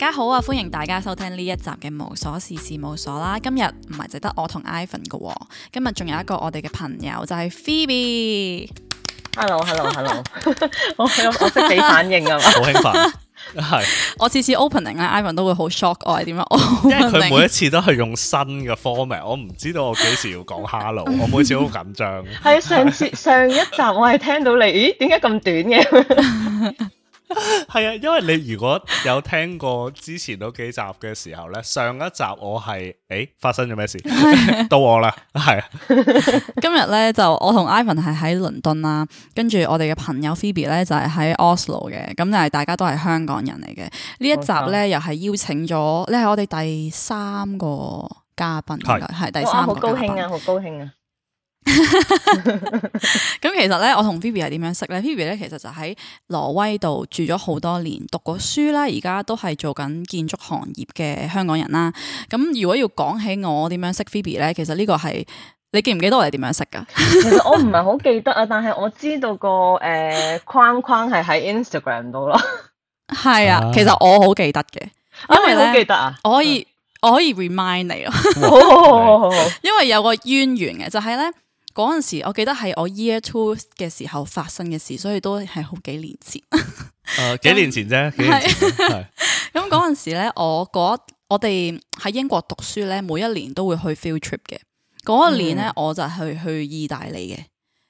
大家好啊！歡迎大家收聽呢一集嘅無瑣事事務所啦。今日唔係淨得我同 Ivan 噶、哦，今日仲有一個我哋嘅朋友就係、是、Phoebe。Hello，Hello，Hello！我我識俾反應啊嘛，好興奮係。 我次次 opening 咧，Ivan 都會好 shock 我，點啊？因為佢每一次都係用新嘅 format，我唔知道我幾時要講 hello， 我每次好緊張。係啊， 上次上一集我係聽到你，咦？點解咁短嘅？ 係 啊，因為你如果有聽過之前嗰幾集嘅時候咧，上一集我係誒、欸、發生咗咩事， 到我啦，係、啊、 今日咧就我同 Ivan 係喺倫敦啦、啊，跟住我哋嘅朋友 Phoebe 咧就係喺 Oslo 嘅，咁就係大家都係香港人嚟嘅。呢一集咧 又係邀請咗，咧係我哋第三個嘉賓，係是第三個嘉賓，好高興啊，好高興啊！咁 其實咧，我同 Phoebe 係點樣識咧？Phoebe 咧，其實就喺挪威度住咗好多年，讀過書啦，而家都係做緊建築行業嘅香港人啦。咁如果要講起我點樣識 Phoebe 咧，其實呢個係你記唔記得我係點樣識噶？ 其實我唔係好記得啊，但係我知道個誒框框係喺 Instagram 度咯。係啊，其實我好記得嘅，因為好記得啊，我可以，嗯、我可以 remind 你咯，好好好好，因為有個淵源嘅，就係、是、咧。嗰陣時，我記得係我 year two 嘅時候發生嘅事，所以都係好幾年前。誒 呃，幾年前啫，咁嗰陣時咧，我嗰我哋喺英國讀書咧，每一年都會去 field trip 嘅。嗰一年咧，嗯、我就去去意大利嘅。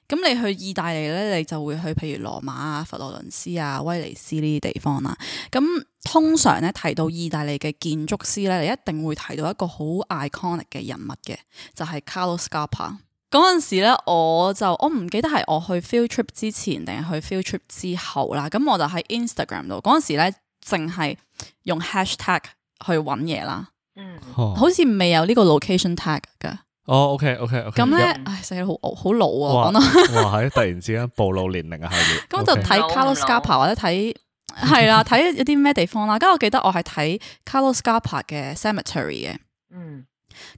咁你去意大利咧，你就會去譬如羅馬啊、佛羅倫斯啊、威尼斯呢啲地方啦。咁通常咧，提到意大利嘅建築師咧，你一定會提到一個好 iconic 嘅人物嘅，就係 Carlo Scarpa。嗰陣時咧，我就我唔記得係我去 field trip 之前定係去 field trip 之後啦。咁我就喺 Instagram 度，嗰陣時咧，淨係用 hashtag 去搵嘢啦。嗯，好似未有呢個 location tag 嘅。哦，OK，OK，OK，咁咧，唉，真係好好老啊，講到哇，係突然之間暴露年齡啊，係咪？咁就睇 Carlo Scarpa 或者睇係啦，睇一啲咩地方啦。咁我記得我係睇 Carlo Scarpa 嘅 Cemetery 嘅。嗯。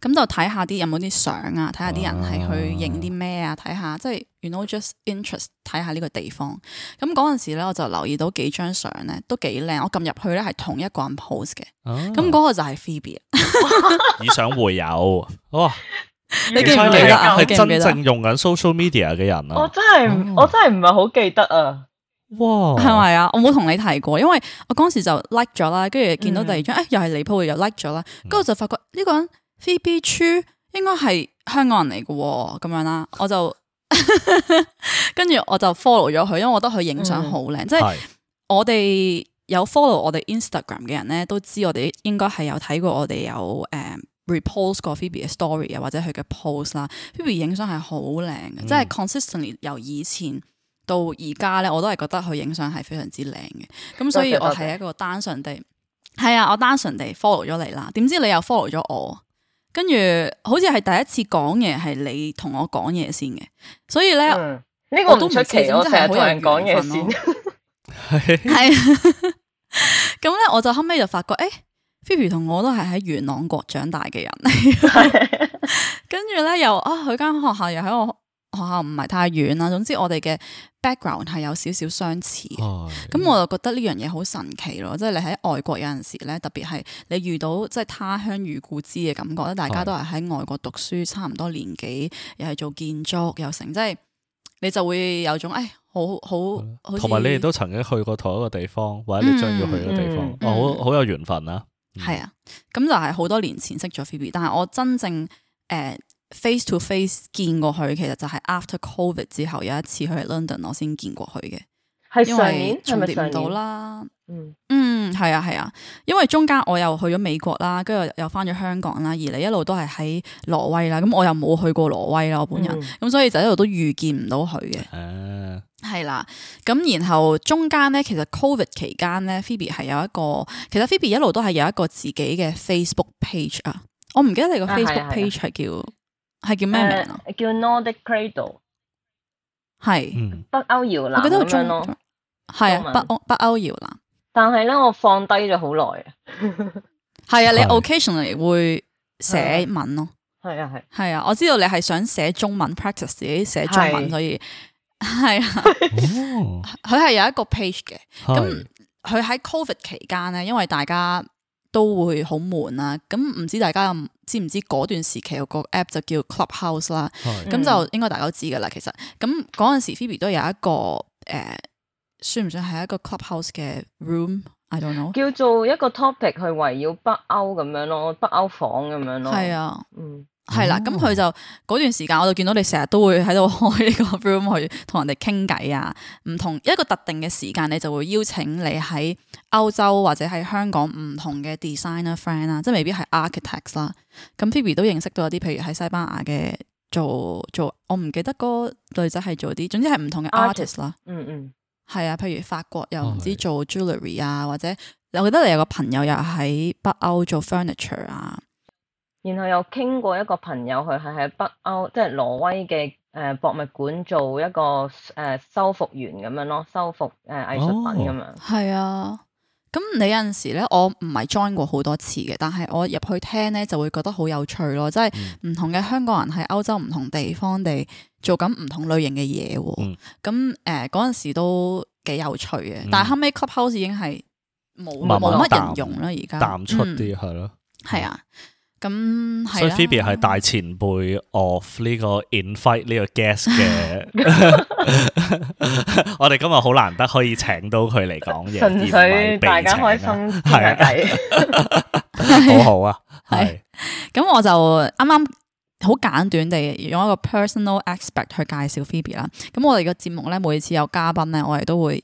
咁就睇下啲有冇啲相啊，睇下啲人係去影啲咩啊，睇下、啊、即係 you know, just interest，睇下呢個地方。咁嗰陣時咧，我就留意到幾張相咧都幾靚。我撳入去咧係同一個人 pose 嘅，咁嗰個就係 Phoebe。哇 以相會友？哇！ 你記唔記得？係真正用緊 social media 嘅人啊！我真係、啊、我真係唔係好記得啊！哇！係咪啊？我冇同你提過，因為我嗰陣時就 like 咗啦，跟住見到第二張，誒、哎，又係你 post 又 like 咗啦，跟住就發覺呢個人。Pheobe t 出應該係香港人嚟嘅咁樣啦，我就跟 住我就 follow 咗佢，因為我覺得佢影相好靚。嗯、即係我哋有 follow 我哋 Instagram 嘅人咧，都知我哋應該係有睇過我哋有誒 repost 過 Pheobe 嘅 story 啊，或者佢嘅 post 啦。Pheobe 影相係好靚嘅，嗯、即係 consistently 由以前到而家咧，我都係覺得佢影相係非常之靚嘅。咁、嗯、所以我係一個單純地，係啊，我單純地 follow 咗你啦。點知你又 follow 咗我？跟住好似係第一次講嘢，係你同我講嘢先嘅，所以咧呢個都唔出奇，我好多人講嘢先 係咁咧，我就後尾就發覺，誒、哎，Phoebe 同我都係喺元朗國長大嘅人，嚟。 跟住咧又啊，佢間學校又喺我。學校唔係太遠啦，總之我哋嘅 background 係有少少相似，咁的我就覺得呢樣嘢好神奇咯，即係你喺外國有陣時咧，特別係你遇到即係他鄉遇故知嘅感覺咧，大家都係喺外國讀書，差唔多年紀，又係的做建築又成，即係你就會有種誒好好，同埋你哋都曾經去過同一個地方，或者你將要去嘅地方，嗯嗯嗯、哦，好好有緣分啦。係啊，咁、嗯、就係好多年前識咗 Phoebe，但係我真正誒。呃 face to face 見過佢，其實就係 after Covid 之後有一次去 London，我先見過佢嘅，係上面重疊唔到啦。嗯嗯，係啊係啊，因為中間我又去咗美國啦，跟住又翻咗香港啦，而你一路都係喺挪威啦，咁我又冇去過挪威啦，我本人咁、嗯、所以就一路都遇見唔到佢嘅。係啦、啊，咁、啊、然後中間咧，其實 Covid 期間咧，Phoebe 係有一個，其實 Phoebe 一路都係有一個自己嘅 Facebook page, page 啊，我唔記得你個 Facebook page 係叫。係叫咩名啊，啊？叫 Nordic Cradle，係是、嗯、北歐搖籃咁樣咯，係文啊，北歐北歐搖籃。但係咧，我放低咗好耐啊。係 啊，你 occasionally 會寫文咯、喔。係啊係。係啊，我知道你係想寫中文 practice 自己寫中文，中文是啊、所以係是啊。佢 係有一個 page 嘅，咁佢喺 Covid 期間咧，因為大家。都會好悶啊。咁唔知大家知唔知嗰段時期有個 app 就叫 Clubhouse 啦，咁是就應該大家都知噶啦。其實咁嗰陣時，Phoebe 都有一個誒、呃，算唔算係一個 Clubhouse 嘅 room？I don't know，叫做一個 topic 去圍繞北歐咁樣咯，北歐房咁樣咯，係啊，嗯。係啦，咁佢就嗰段時間，我就見到你成日都會喺度開呢個 room 去同人哋傾偈啊，唔同一個特定嘅時間，你就會邀請你喺歐洲或者喺香港唔同嘅 designer friend 啊，即係未必係 architects 啦。咁 Pheobe 都認識到一啲，譬如喺西班牙嘅做做，我唔記得嗰個女仔係做啲，總之係唔同嘅 artist 啦。Artist, 嗯嗯，係啊，譬如法國又唔知、哦、是做 jewelry 啊，或者，我記得你有個朋友又喺北歐做 furniture 啊。然後又傾過一個朋友，佢係喺北歐，即係挪威嘅誒博物館做一個誒修復員咁樣咯，修復誒藝術品咁樣。係啊，咁你有陣時咧，我唔係 join 過好多次嘅，但係我入去聽咧就會覺得好有趣咯，即係唔同嘅香港人喺歐洲唔同地方地做緊唔同類型嘅嘢喎。咁誒嗰陣時都幾有趣嘅，但係後尾 Clubhouse 已經係冇冇乜人用啦，而家淡，淡出啲係咯，係啊。咁係，嗯啊、所以 Phoebe 係大前輩 of 呢個 invite 呢個 guest 嘅。 我哋今日好難得可以請到佢嚟講嘢，純粹大家開心係啊，傾下偈，好好啊！係、 啊。咁、啊啊、我就啱啱好簡短地用一個 personal aspect 去介紹 Phoebe 啦。咁我哋嘅節目咧，每次有嘉賓咧，我哋都會。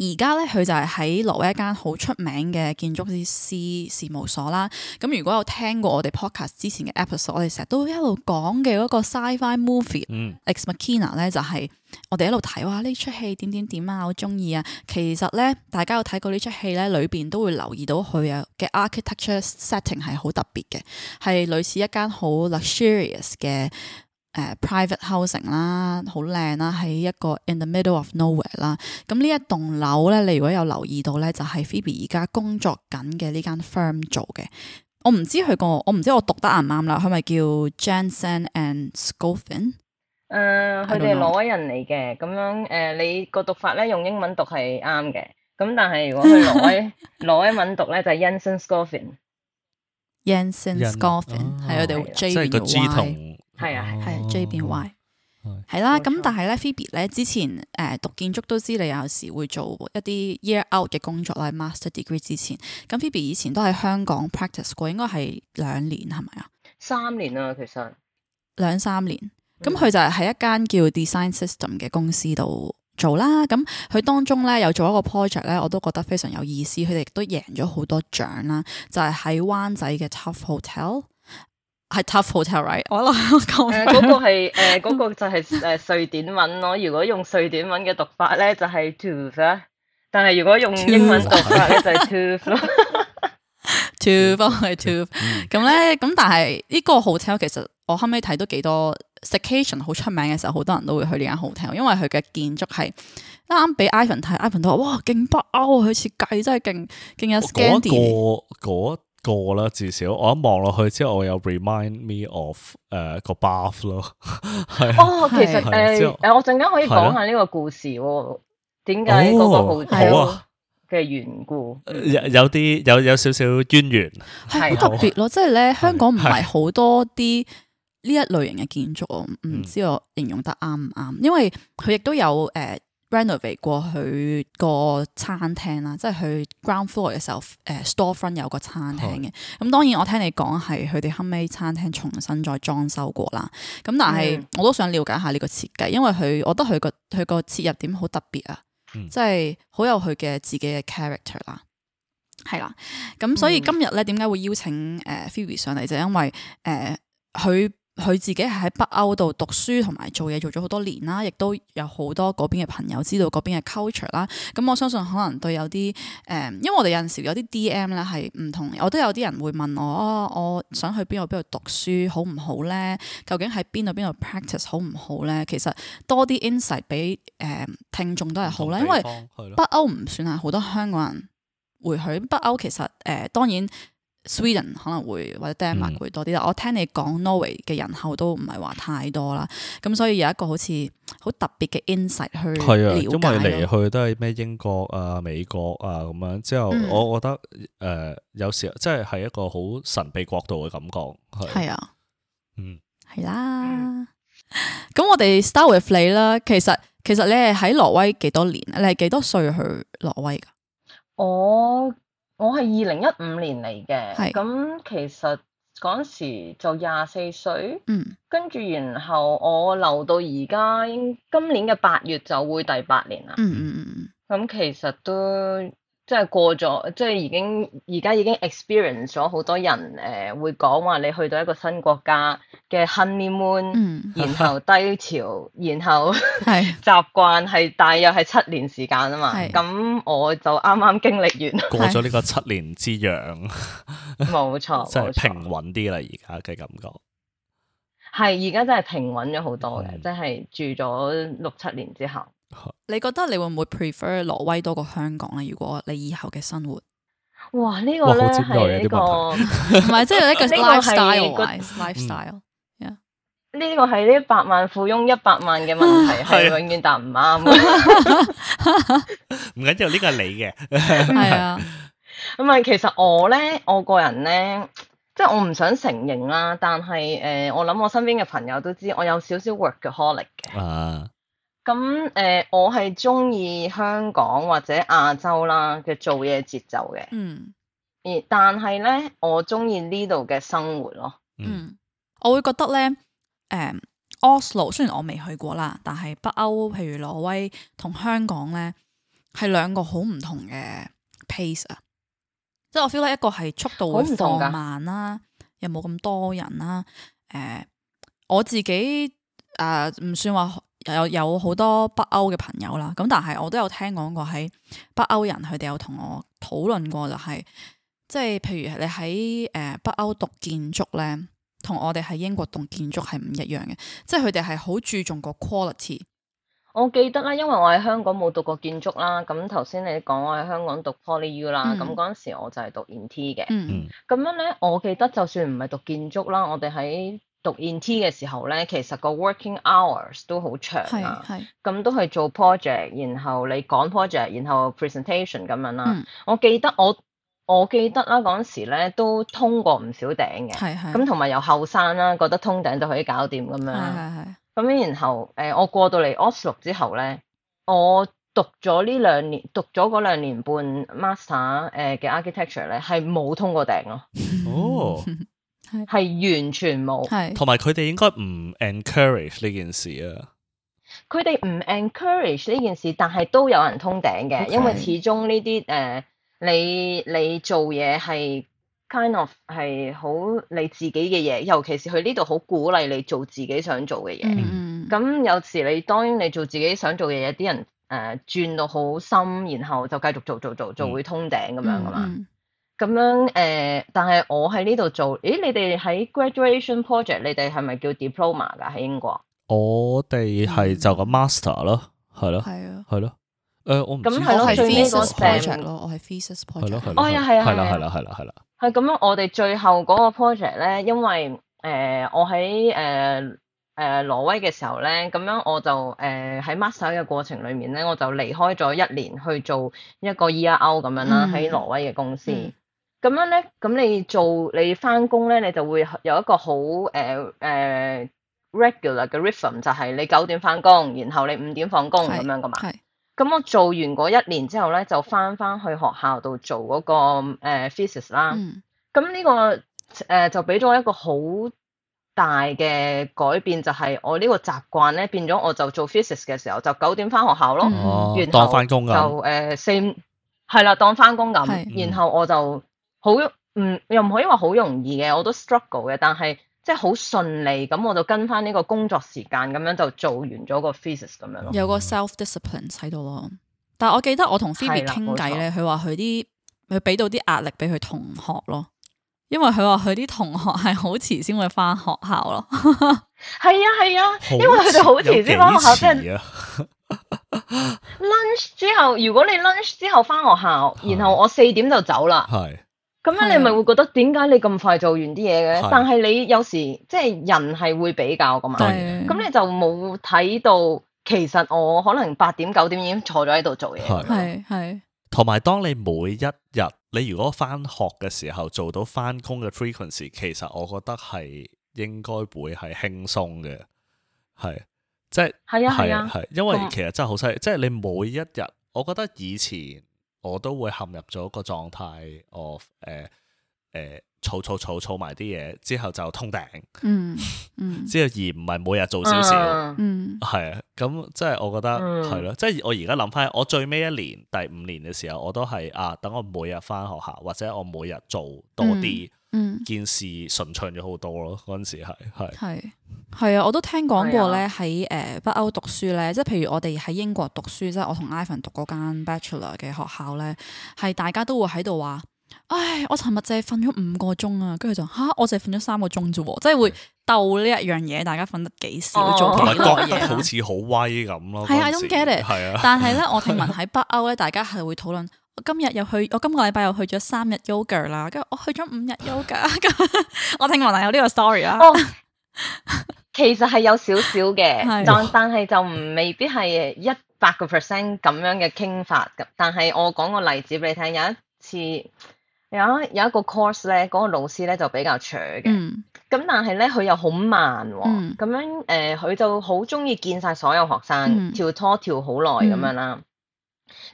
而家咧佢就係喺挪威一間好出名嘅建築師事務所啦。咁如果有聽過我哋 podcast 之前嘅 episode，我哋成日都一路講嘅嗰個 sci-fi movie、嗯《Ex Machina》咧，就係我哋一路睇哇呢出戲點點點啊好中意啊。其實咧，大家有睇過呢出戲咧，裏邊都會留意到佢啊嘅 architecture setting 係好特別嘅，係類似一間好 luxurious 嘅。誒、uh，private housing 啦，好靚啦，喺一個 in the middle of nowhere 啦。咁呢一棟樓咧，你如果有留意到咧，就係、是、Phoebe 而家工作緊嘅呢間 firm 做嘅。我唔知佢個，我唔知我讀得啱唔啱啦。佢咪叫 Jensen and Schofen？誒，佢哋挪威人嚟嘅。咁樣，誒、呃，你個讀法咧，用英文讀係啱嘅。咁但係如果佢挪威挪威文讀咧，就係 Jensen Schofen。Jensen Schofen 係我哋 J U Y。係啊，係啊，J 變 Y，係啦。咁錯但係咧，Phoebe 咧之前誒讀建築，都知你有時會做一啲 year out 嘅工作啦。Like、master degree 之前，咁 Phoebe 以前都喺香港 practice 過，應該係兩年，係咪啊？三年啦，其實兩三年。咁佢就係喺一間叫 Design System 嘅公司度做啦。咁佢當中咧有做一個 project 咧，我都覺得非常有意思。佢哋亦都贏咗好多獎啦，就係喺灣仔嘅 Tough Hotel。係 Tough Hotel right？我嚟講，嗰、嗰個係誒嗰個就係誒瑞典文咯。如果用瑞典文嘅讀法咧，就係 tooth 但係如果用英文讀法咧， 就係 t o o t 咯。Tooth 翻 tooth 咁咧，咁 t ube、嗯、但係呢個 hotel 其實我後尾睇到幾多 s a c a t i o n 好出名嘅時候，好多人都會去呢間 hotel，因為佢嘅建築係啱啱俾 Ivan 睇 Ivan 都話哇，勁北歐，佢設計真係勁勁有 Scandy 嗰嗰。個啦，至少我一望落去之後，我有 remind me of 誒個 bath 咯，係哦，其實誒誒，呃、我陣間可以講下呢個故事，點解嗰個好嘅緣故，哦啊嗯、有有啲有有少少淵源，係好特別咯，即係咧香港唔係好多啲呢一類型嘅建築，唔知我形容得啱唔啱，嗯、因為佢亦都有誒。呃 Renovate 過去、呃、個餐廳啦，即係去 ground floor 嘅時候，誒 storefront 有個餐廳嘅。咁當然我聽你講係佢哋後尾餐廳重新再裝修過啦。咁但係我都想了解下呢個設計，因為佢我覺得佢個佢個切入點好特別啊，即係好有佢嘅自己嘅 character、嗯、啦。係啦，咁所以今日咧點解會邀請誒、呃、Phoebe 上嚟就因為誒佢。呃佢自己係喺北歐度讀書同埋做嘢做咗好多年啦，亦都有好多嗰邊嘅朋友知道嗰邊嘅 culture 啦。咁我相信可能對有啲誒、呃，因為我哋有陣時有啲 DM 咧係唔同，我都有啲人會問我：哦，我想去邊度邊度讀書好唔好咧？究竟喺邊度邊度 practice 好唔好咧？其實多啲 insight 俾誒、呃、聽眾都係好啦，因為北歐唔算係好多香港人會去北歐，其實誒、呃、當然。Sweden 可能會或者 Denmark 會多啲啦。嗯、我聽你講 Norway 嘅人口都唔係話太多啦，咁所以有一個好似好特別嘅 insight 去係啊，因為嚟去都係咩英國啊、美國啊咁樣之後，我覺得誒、嗯呃、有時即係係一個好神秘國度嘅感覺係是啊、嗯、啊，嗯係啦。咁我哋 start with 你啦。其實其實你係喺挪威幾多年？你係幾多歲去挪威噶？我。我係二零一五年嚟嘅，咁是其實嗰陣時就廿四歲，嗯、跟住然後我留到而家，今年嘅八月就會第八年啦。嗯嗯嗯嗯，咁其實都。即係過咗，即係已經而家已經 experience 咗好多人誒、呃，會講話你去到一個新國家嘅 honeymoon，嗯、然後低潮， 然後是的 習慣係大約係七年時間啊嘛。咁是的 我就啱啱經歷完過咗呢個七年之癢，冇錯，即係平穩啲啦而家嘅感覺。係而家真係平穩咗好多嘅，嗯、即係住咗六七年之後。你覺得你會唔會 prefer 挪威多過香港咧？如果你以後嘅生活，哇，呢個咧係呢個，唔係即係一個呢個係個 lifestyle。呢個係呢百萬富翁一百萬嘅問題係永遠答唔啱。唔緊要，呢個係你嘅。係啊，唔係其實我咧，我個人咧，即係我唔想承認啦。但係誒，我諗我身邊嘅朋友都知，我有少少 work 嘅 holic 嘅。咁誒、呃，我係中意香港或者亞洲啦嘅做嘢節奏嘅。嗯。而但係咧，我中意呢度嘅生活咯。嗯。我會覺得咧，誒、嗯、，Oslo 雖然我未去過啦，但係北歐譬如挪威同香港咧，係兩個好唔同嘅 pace 啊。即係我 feel 咧，一個係速度會放慢啦、啊，又冇咁多人啦、啊。誒、嗯，我自己誒，唔、呃、算話。有有好多北歐嘅朋友啦，咁但係我都有聽講過喺北歐人佢哋有同我討論過、就是，就係即係譬如你喺誒北歐讀建築咧，同我哋喺英國讀建築係唔一樣嘅，即係佢哋係好注重個 quality。我記得啦，因為我喺香港冇讀過建築啦，咁頭先你講我喺香港讀 PolyU 啦，咁嗰陣時我就係讀 inter 嘅，咁、嗯、樣咧我記得就算唔係讀建築啦，我哋喺讀 int 嘅時候咧，其實個 working hours 都好長啊，咁都係做 project，然後你講 project，然後 presentation 咁樣啦，啊嗯。我記得我我記得啦，嗰時咧，都通過唔少頂嘅，咁同埋由後生啦，覺得通頂都可以搞掂咁樣，啊。咁然後誒、呃，我過到嚟 Oslo 之後咧，我讀咗呢兩年，讀咗嗰兩年半 master 誒嘅 architecture 咧，係冇通過頂咯。哦 係完全冇，同埋佢哋應該唔 encourage 呢件事啊。佢哋唔 encourage 呢件事，但係都有人通頂嘅，Okay. 因為始終呢啲誒，你你做嘢係 kind of 係好你自己嘅嘢，尤其是佢呢度好鼓勵你做自己想做嘅嘢。咁、mm hmm. 有時你當然你做自己想做嘅嘢，啲人誒轉到好深，然後就繼續做做做，就會通頂咁樣噶嘛。Mm hmm. 咁樣誒、呃，但係我喺呢度做，誒你哋喺 graduation project，你哋係咪叫 diploma 㗎？喺英國，我哋係就個 master 咯，係咯、嗯，係啊了，係咯了，誒我唔，咁係咯，係 physics project 咯，我係 physics project，我又係、係啦係啦係啦係啦，係咁樣，我哋最後嗰個 project 咧，因為誒、呃、我喺誒誒挪威嘅時候咧，咁樣我就誒喺、呃、master 嘅過程裡面咧，我就離開咗一年去做一個 year out 咁樣啦，喺 挪威嘅公司。嗯咁樣咧，咁你做你翻工咧，你就會有一個好誒誒 regular 嘅 rhythm，就係你九點翻工，然後你五點放工咁樣噶嘛。咁我做完嗰一年之後咧，就翻翻去學校度做嗰、那個 physics 啦。咁、呃、呢、嗯這個誒、呃、就俾咗我一個好大嘅改變，就係、是、我呢個習慣咧變咗，我就做 physics 嘅時候就九點翻學校咯，嗯、後當翻工咁，就誒、呃、四，係啦，當翻工咁，是嗯、然後我就。好唔，又唔可以話好容易嘅，我都 struggle 嘅，但係即係好順利咁，我就跟翻呢個工作時間咁樣就做完咗個 thesis 咁樣。有個 self discipline 喺度咯，但係我記得我同 Phoebe 傾偈咧，佢話佢啲佢俾到啲壓力俾佢同學咯，因為佢話佢啲同學係好遲先會翻學校咯。係 啊係啊，因為佢哋好遲先翻學校，即係、啊、 lunch 之後，如果你 lunch 之後翻學校，然後我四點就走啦。係。咁樣你咪會覺得點解你咁快做完啲嘢嘅？但係你有時即係人係會比較㗎嘛。咁你就冇睇到其實我可能八點九點已經坐咗喺度做嘢。係係。同埋當你每一日你如果翻學嘅時候做到翻工嘅 frequency，其實我覺得係應該會係輕鬆嘅。係即係係啊係啊係，因為其實真係好犀利，即係你每一日，我覺得以前。我都會陷入咗個狀態 of,、呃，我誒誒儲儲儲儲埋啲嘢之後就通頂，嗯，嗯 之後而唔係每日做少少、啊，嗯，係啊，咁即係我覺得係咯、嗯，即係我而家諗返，我最尾一年第五年嘅時候，我都係啊，等我每日返學校或者我每日做多啲。嗯件、嗯、事順暢咗好多咯，嗰陣時係係係係啊！我都聽講過咧，喺誒、啊呃、北歐讀書咧，即係譬如我哋喺英國讀書，即係我同 Ivan 讀嗰間 Bachelor 嘅學校咧，係大家都會喺度話，唉，我尋日淨係瞓咗五個鐘啊！跟住就吓，我淨係瞓咗三個鐘啫，即係會鬥呢一樣嘢，大家瞓得幾少，同埋、哦、覺得好似好威咁咯。係啊，I don't get it, 啊！係啊，但係咧，我聽聞喺北歐咧，大家係會討論。我今日又去，我今個禮拜又去咗三日 yoga 啦，跟住我去咗五日 yoga， 我聽聞有呢個 sorry 啊。其實係有少少嘅，但但係就唔未必係一百個 percent 咁樣嘅傾法，但係我講個例子俾你聽，有一次有有一個 course 咧，嗰、那個老師咧就比較 short 嘅、嗯，咁但係咧佢又好慢，咁、嗯、樣誒，佢、呃、就好中意見晒所有學生、嗯、跳拖跳好耐咁樣啦。嗯嗯。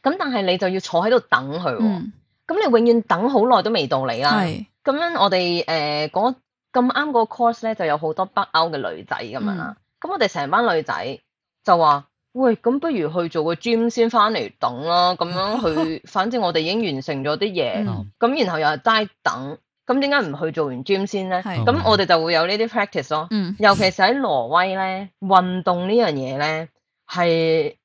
咁但係你就要坐喺度等佢、哦，咁、嗯、你永遠等好耐都未到你啦。咁是樣我哋誒嗰咁啱個 course 咧就有好多北歐嘅女仔咁樣啦。咁、嗯、我哋成班女仔就話：喂，咁不如去做個 gym 先，翻嚟等咯。咁樣去， 反正我哋已經完成咗啲嘢，咁、嗯、然後又係齋等。咁點解唔去做完 gym 先咧？咁是我哋就會有呢啲 practice 咯。嗯、尤其是喺挪威咧，運動呢樣嘢咧係。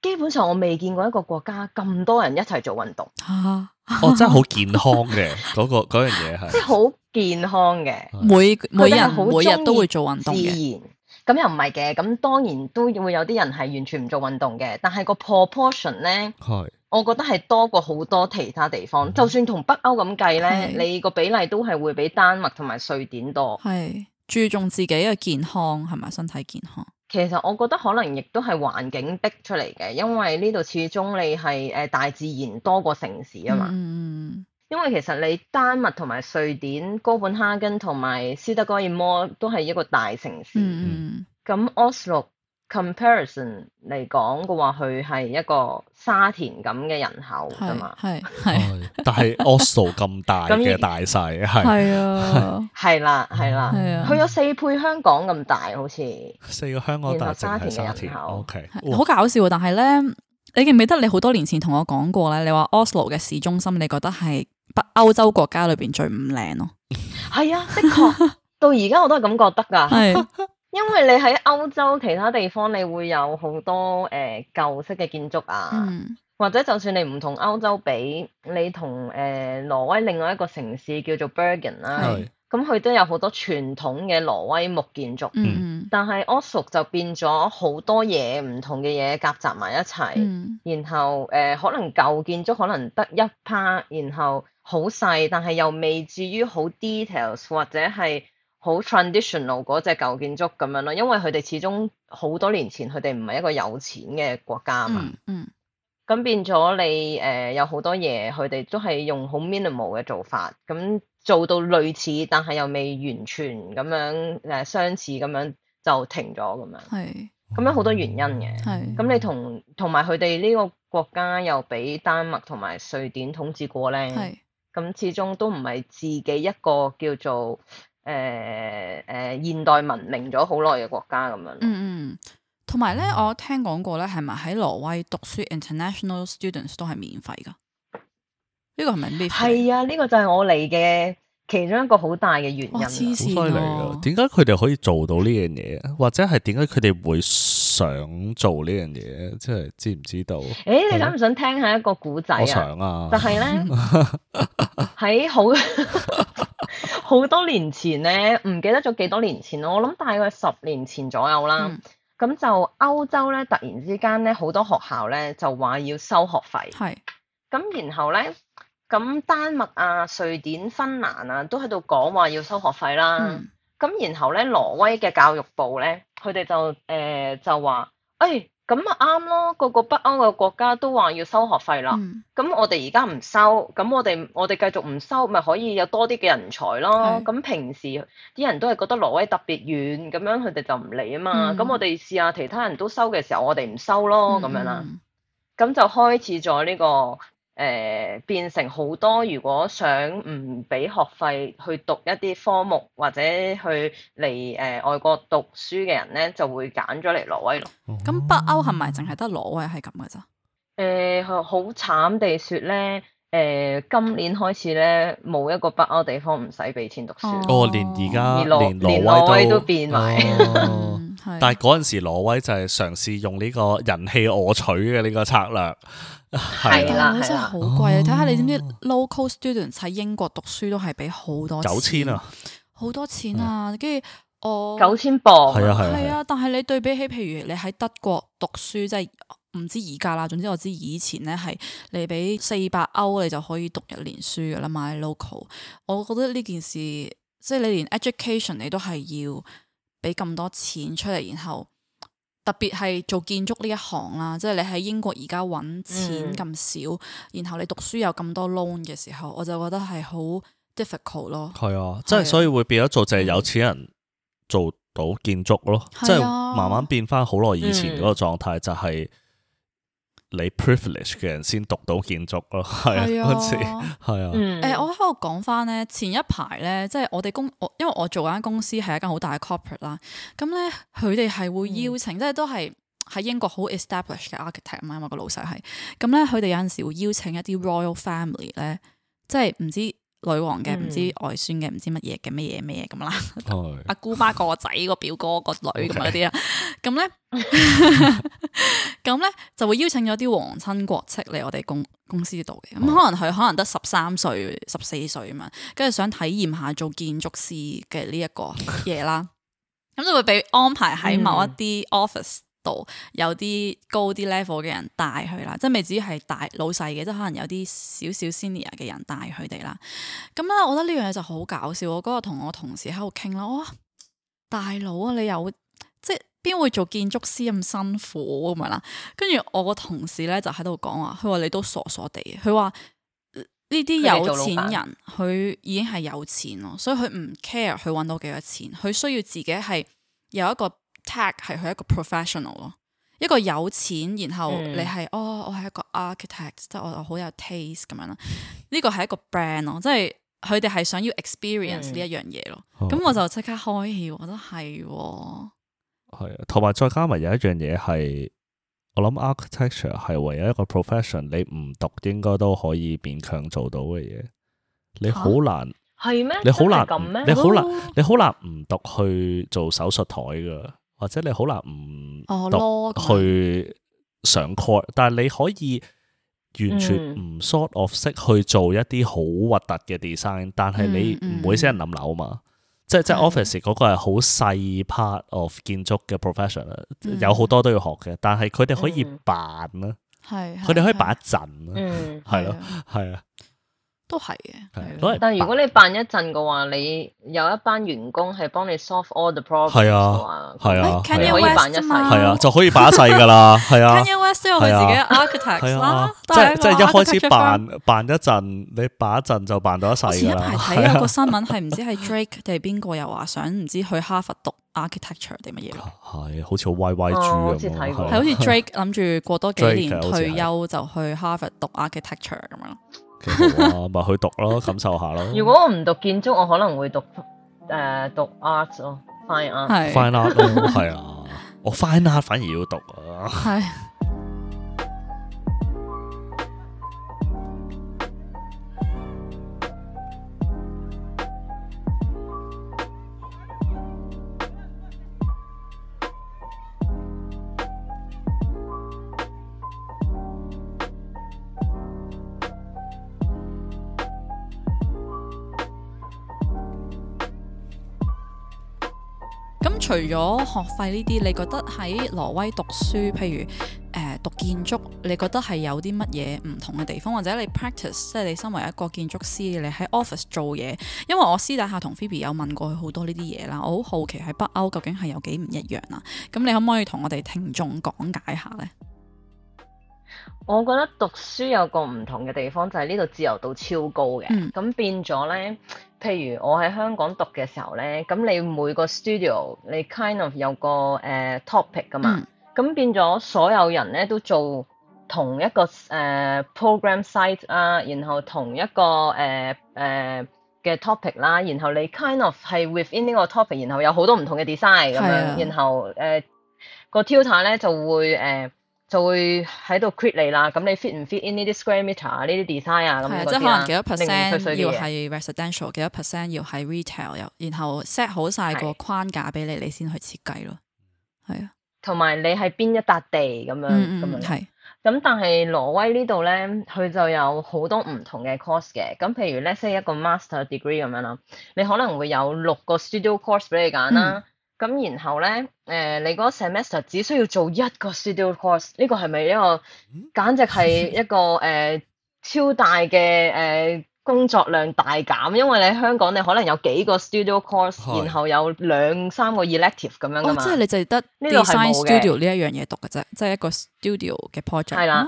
基本上我未見過一個國家咁多人一齊做運動，啊啊、哦，真係好健康嘅嗰、 那個嗰樣嘢係，即係好健康嘅， 每每人每日都會做運動自然，咁又唔係嘅，咁當然都會有啲人係完全唔做運動嘅。但係個 proportion 咧，係是，我覺得係多過好多其他地方。嗯、就算同北歐咁計咧，是你個比例都係會比丹麥同埋瑞典多。係注重自己嘅健康係咪？身體健康。其實我覺得可能亦都係環境逼出嚟嘅，因為呢度始終你係誒大自然多過城市啊嘛。Mm hmm. 因為其實你丹麥同埋瑞典、哥本哈根同埋斯德哥爾摩都係一個大城市。咁 Oslo、mm。Hmm. Comparison 嚟講嘅話，佢係一個沙田咁嘅人口噶嘛，係係， 但係 Oslo 咁大嘅大細，係係、 嗯、啊，係啦係啦，佢、啊嗯啊、有四倍香港咁大，好似、啊、四個香港，大，沙田嘅人口、哦，OK，好搞笑。但係咧，你記唔記得你好多年前同我講過咧？你話 Oslo 嘅市中心，你覺得係北歐洲國家裏邊最唔靚咯？係 啊，的確， 到而家我都係咁覺得噶。是 因為你喺歐洲其他地方你會有好多誒舊、呃、式嘅建築啊，mm hmm. 或者就算你唔同歐洲比，你同誒、呃、挪威另外一個城市叫做 Bergen 啦、啊，咁佢、mm hmm. 都有好多傳統嘅挪威木建築，mm hmm. 但係 Oslo 就變咗好多嘢唔同嘅嘢夾雜埋一齊、mm hmm. 呃，然後誒可能舊建築可能得一 part，然後好細，但係又未至於好 details 或者係。好 traditional 嗰隻舊建築咁樣咯，因為佢哋始終好多年前佢哋唔係一個有錢嘅國家嘛，嗯，咁、嗯、變咗你誒、呃、有好多嘢，佢哋都係用好 minimal 嘅做法，咁做到類似但係又未完全咁樣誒、呃、相似咁樣就停咗咁樣，係是，咁樣好多原因嘅，係是，咁你同同埋佢哋呢個國家又俾丹麥同埋瑞典統治過咧，係是，咁始終都唔係自己一個叫做。誒誒、呃呃，現代文明咗好耐嘅國家咁樣嗯。嗯嗯，同埋咧，我聽講過咧，係咪喺挪威讀書 international students 都係免費噶？呢個係咪？係啊，呢、這個就係我嚟嘅，其中一個好大嘅原因。黐線，點解佢哋可以做到呢樣嘢？或者係點解佢哋會想做呢樣嘢？即、就、係、是、知唔知道？誒、欸，你想唔想聽一下一個古仔啊？想啊！就係咧，喺好。好 多年前咧，唔記得咗幾多年前咯，我諗大概十年前左右啦。咁、嗯、就歐洲咧，突然之間咧，好多學校咧就話要收學費。係咁是，然後咧，咁丹麥啊、瑞典、芬蘭啊，都喺度講話要收學費啦。咁、嗯、然後咧，挪威嘅教育部咧，佢哋就誒、呃、就話，誒、哎。咁啊啱咯，個個北歐嘅國家都話要收學費啦。咁、嗯、我哋而家唔收，咁我哋我哋繼續唔收，咪可以有多啲嘅人才咯。咁是平時啲人都係覺得挪威特別遠，咁樣佢哋就唔嚟啊嘛。咁、嗯、我哋試下其他人都收嘅時候，我哋唔收咯，咁、嗯、樣啦。咁就開始咗呢、這個。誒、呃、變成好多，如果想唔俾學費去讀一啲科目或者去嚟誒、呃、外國讀書嘅人咧，就會揀咗嚟挪威咯。咁北歐係咪淨係得挪威係咁嘅咋？誒好、呃、慘地説咧，誒、呃、今年開始咧，冇一個北歐地方唔使俾錢讀書。個年，哦、而家挪連、連挪威都變埋，但係嗰陣時挪威就係嘗試用呢個人棄我取嘅呢個策略。係啦，係啦，真係好貴啊！睇下，哦，你知唔知 local students 喺英國讀書都係俾好多錢啊，好多錢啊！跟住哦，九千磅，係啊係啊，但係你對比起譬如你喺德國讀書，即係唔知而家啦，總之我知以前咧係你俾四百歐你就可以讀一年書噶啦嘛。local，我覺得呢件事即係你連 education 你都係要俾咁多錢出嚟，然後。特別係做建築呢一行啦，即係你喺英國而家揾錢咁少，嗯、然後你讀書有咁多 loan 嘅時候，我就覺得係好 difficult 咯。係啊，即係所以會變咗做就係有錢人做到建築咯，嗯、即係慢慢變翻好耐以前嗰個狀態、嗯、就係、是。你 privilege 嘅人先讀到建築咯，係啊，好似係啊。誒、嗯欸，我喺度講翻咧，前一排咧，即係我哋公，我因為我做嗰間公司係一間好大嘅 corporate 啦。咁咧，佢哋係會邀請，嗯、即係都係喺英國好 establish 嘅 architect 啊嘛，個老細係。咁咧，佢哋有陣時會邀請一啲 royal family 咧，即係唔知。女王嘅唔知外孫嘅唔知乜嘢嘅乜嘢咩嘢咁啦，阿、 啊、姑媽個仔個 表哥個女咁嗰啲啊，咁咧咁咧就會邀請咗啲皇親國戚嚟我哋公公司度嘅，咁 可能佢可能得十三歲、十四歲嘛，跟住想體驗下做建築師嘅呢一個嘢啦，咁 就會被安排喺某一啲 office、嗯。有啲高啲 level 嘅人帶佢啦，即係未止係大老細嘅，即係可能有啲少少 senior 嘅人帶佢哋啦。咁咧，我覺得呢樣嘢就好搞笑。我嗰日同我同事喺度傾啦，哇、哦，大佬啊，你又即係邊會做建築師咁辛苦咁樣啦？跟住我個同事咧就喺度講話，佢話你都傻傻地，佢話呢啲有錢人，佢已經係有錢咯，所以佢唔 care 佢搵到幾多錢，佢需要自己係有一個。係佢一個 professional 咯，一個有錢，然後你係、嗯、哦，我係一個 architect，、嗯、即係我好有 taste 咁樣咯。呢個係一個 brand 咯、嗯，即係佢哋係想要 experience 呢一、嗯、樣嘢咯。咁、哦、我就即刻開竅，我覺得係係啊。同埋再加埋有一樣嘢係，我諗 architecture 係唯一一個 profession，你唔讀應該都可以勉強做到嘅嘢。你好難係咩？啊、你好難？你好難？你好難唔讀去做手術台噶？或者你好難唔、oh, Lord. 去上 course 但係你可以完全唔 sort of 識去做一啲好核突嘅 design，但係你唔會使人冧樓嘛。即係 office、er、嗰個係好細 part of 建築嘅 profession，a l、mm hmm. 有好多都要學嘅，但係佢哋可以扮啦，係佢哋可以扮一陣啦，係咯，係啊。都係嘅，但係如果你辦一陣嘅話，你有一班員工係幫你 solve all the problem 嘅話，係啊，你可以辦一世，係啊，就可以把一世噶啦，係啊，Kanye West 都有佢自己 architect 啦，即係即係一開始辦辦一陣，你辦一陣就辦到一世。我前一排睇啊個新聞係唔知係 Drake 定邊個又話想唔知去哈佛讀 architecture 定乜嘢？係好似好歪歪豬咁樣，係好似 Drake 諗住過多幾年退休就去哈佛讀 architecture 咁樣。其實啊，咪去讀咯，感受下咯。如果我唔讀建築，我可能會讀誒讀 art 咯，fine art，fine art 係啊，我 fine art 反而要讀啊。係。除咗學費呢啲，你覺得喺挪威讀書，譬如誒、呃、讀建築，你覺得係有啲乜嘢唔同嘅地方？或者你 practice，即係你身為一個建築師，你喺 office 做嘢，因為我私底下同 Phoebe 有問過佢好多呢啲嘢啦，我好好奇喺北歐究竟係有幾唔一樣啊？咁你可唔可以同我哋聽眾講解下呢？我覺得讀書有個唔同嘅地方，就係呢度自由度超高嘅。咁、嗯、變咗咧，譬如我喺香港讀嘅時候咧，咁你每個 studio 你 kind of 有個誒、uh, topic 噶嘛？咁、嗯、變咗所有人咧都做同一個誒、uh, program site 啊，然後同一個誒誒嘅 topic 啦、啊，然後你 kind of 係 within 呢個 topic，然後有好多唔同嘅 design 咁樣，然後誒、uh, 個 tutor 咧就會誒。Uh, 就會喺度 crit 你啦，咁你 fit 唔 fit in 呢啲 square meter 啊，呢啲 design 啊咁樣嗰啲啦。係，即係可能幾多 percent 要係 residential，幾多 percent 要係 retail 又，然後 set 好晒個框架俾你，你先去設計咯。係啊，同埋你喺邊一笪地咁樣咁樣。係，咁但係挪威呢度咧，佢就有好多唔同嘅 course 嘅。咁譬如，let's say 一個 master degree 咁樣啦，你可能會有六個 studio course 俾你揀啦。咁然後咧，誒、呃、你嗰 semester 只需要做一個 studio course，呢個係咪一個簡直係一個誒、呃、超大嘅誒、呃、工作量大減？因為你香港你可能有幾個 studio course，、嗯、然後有兩三個 elective 咁樣嘛。哦、即係你就得 design studio 呢一樣嘢讀嘅啫，即係一個 studio 嘅 project。係啦，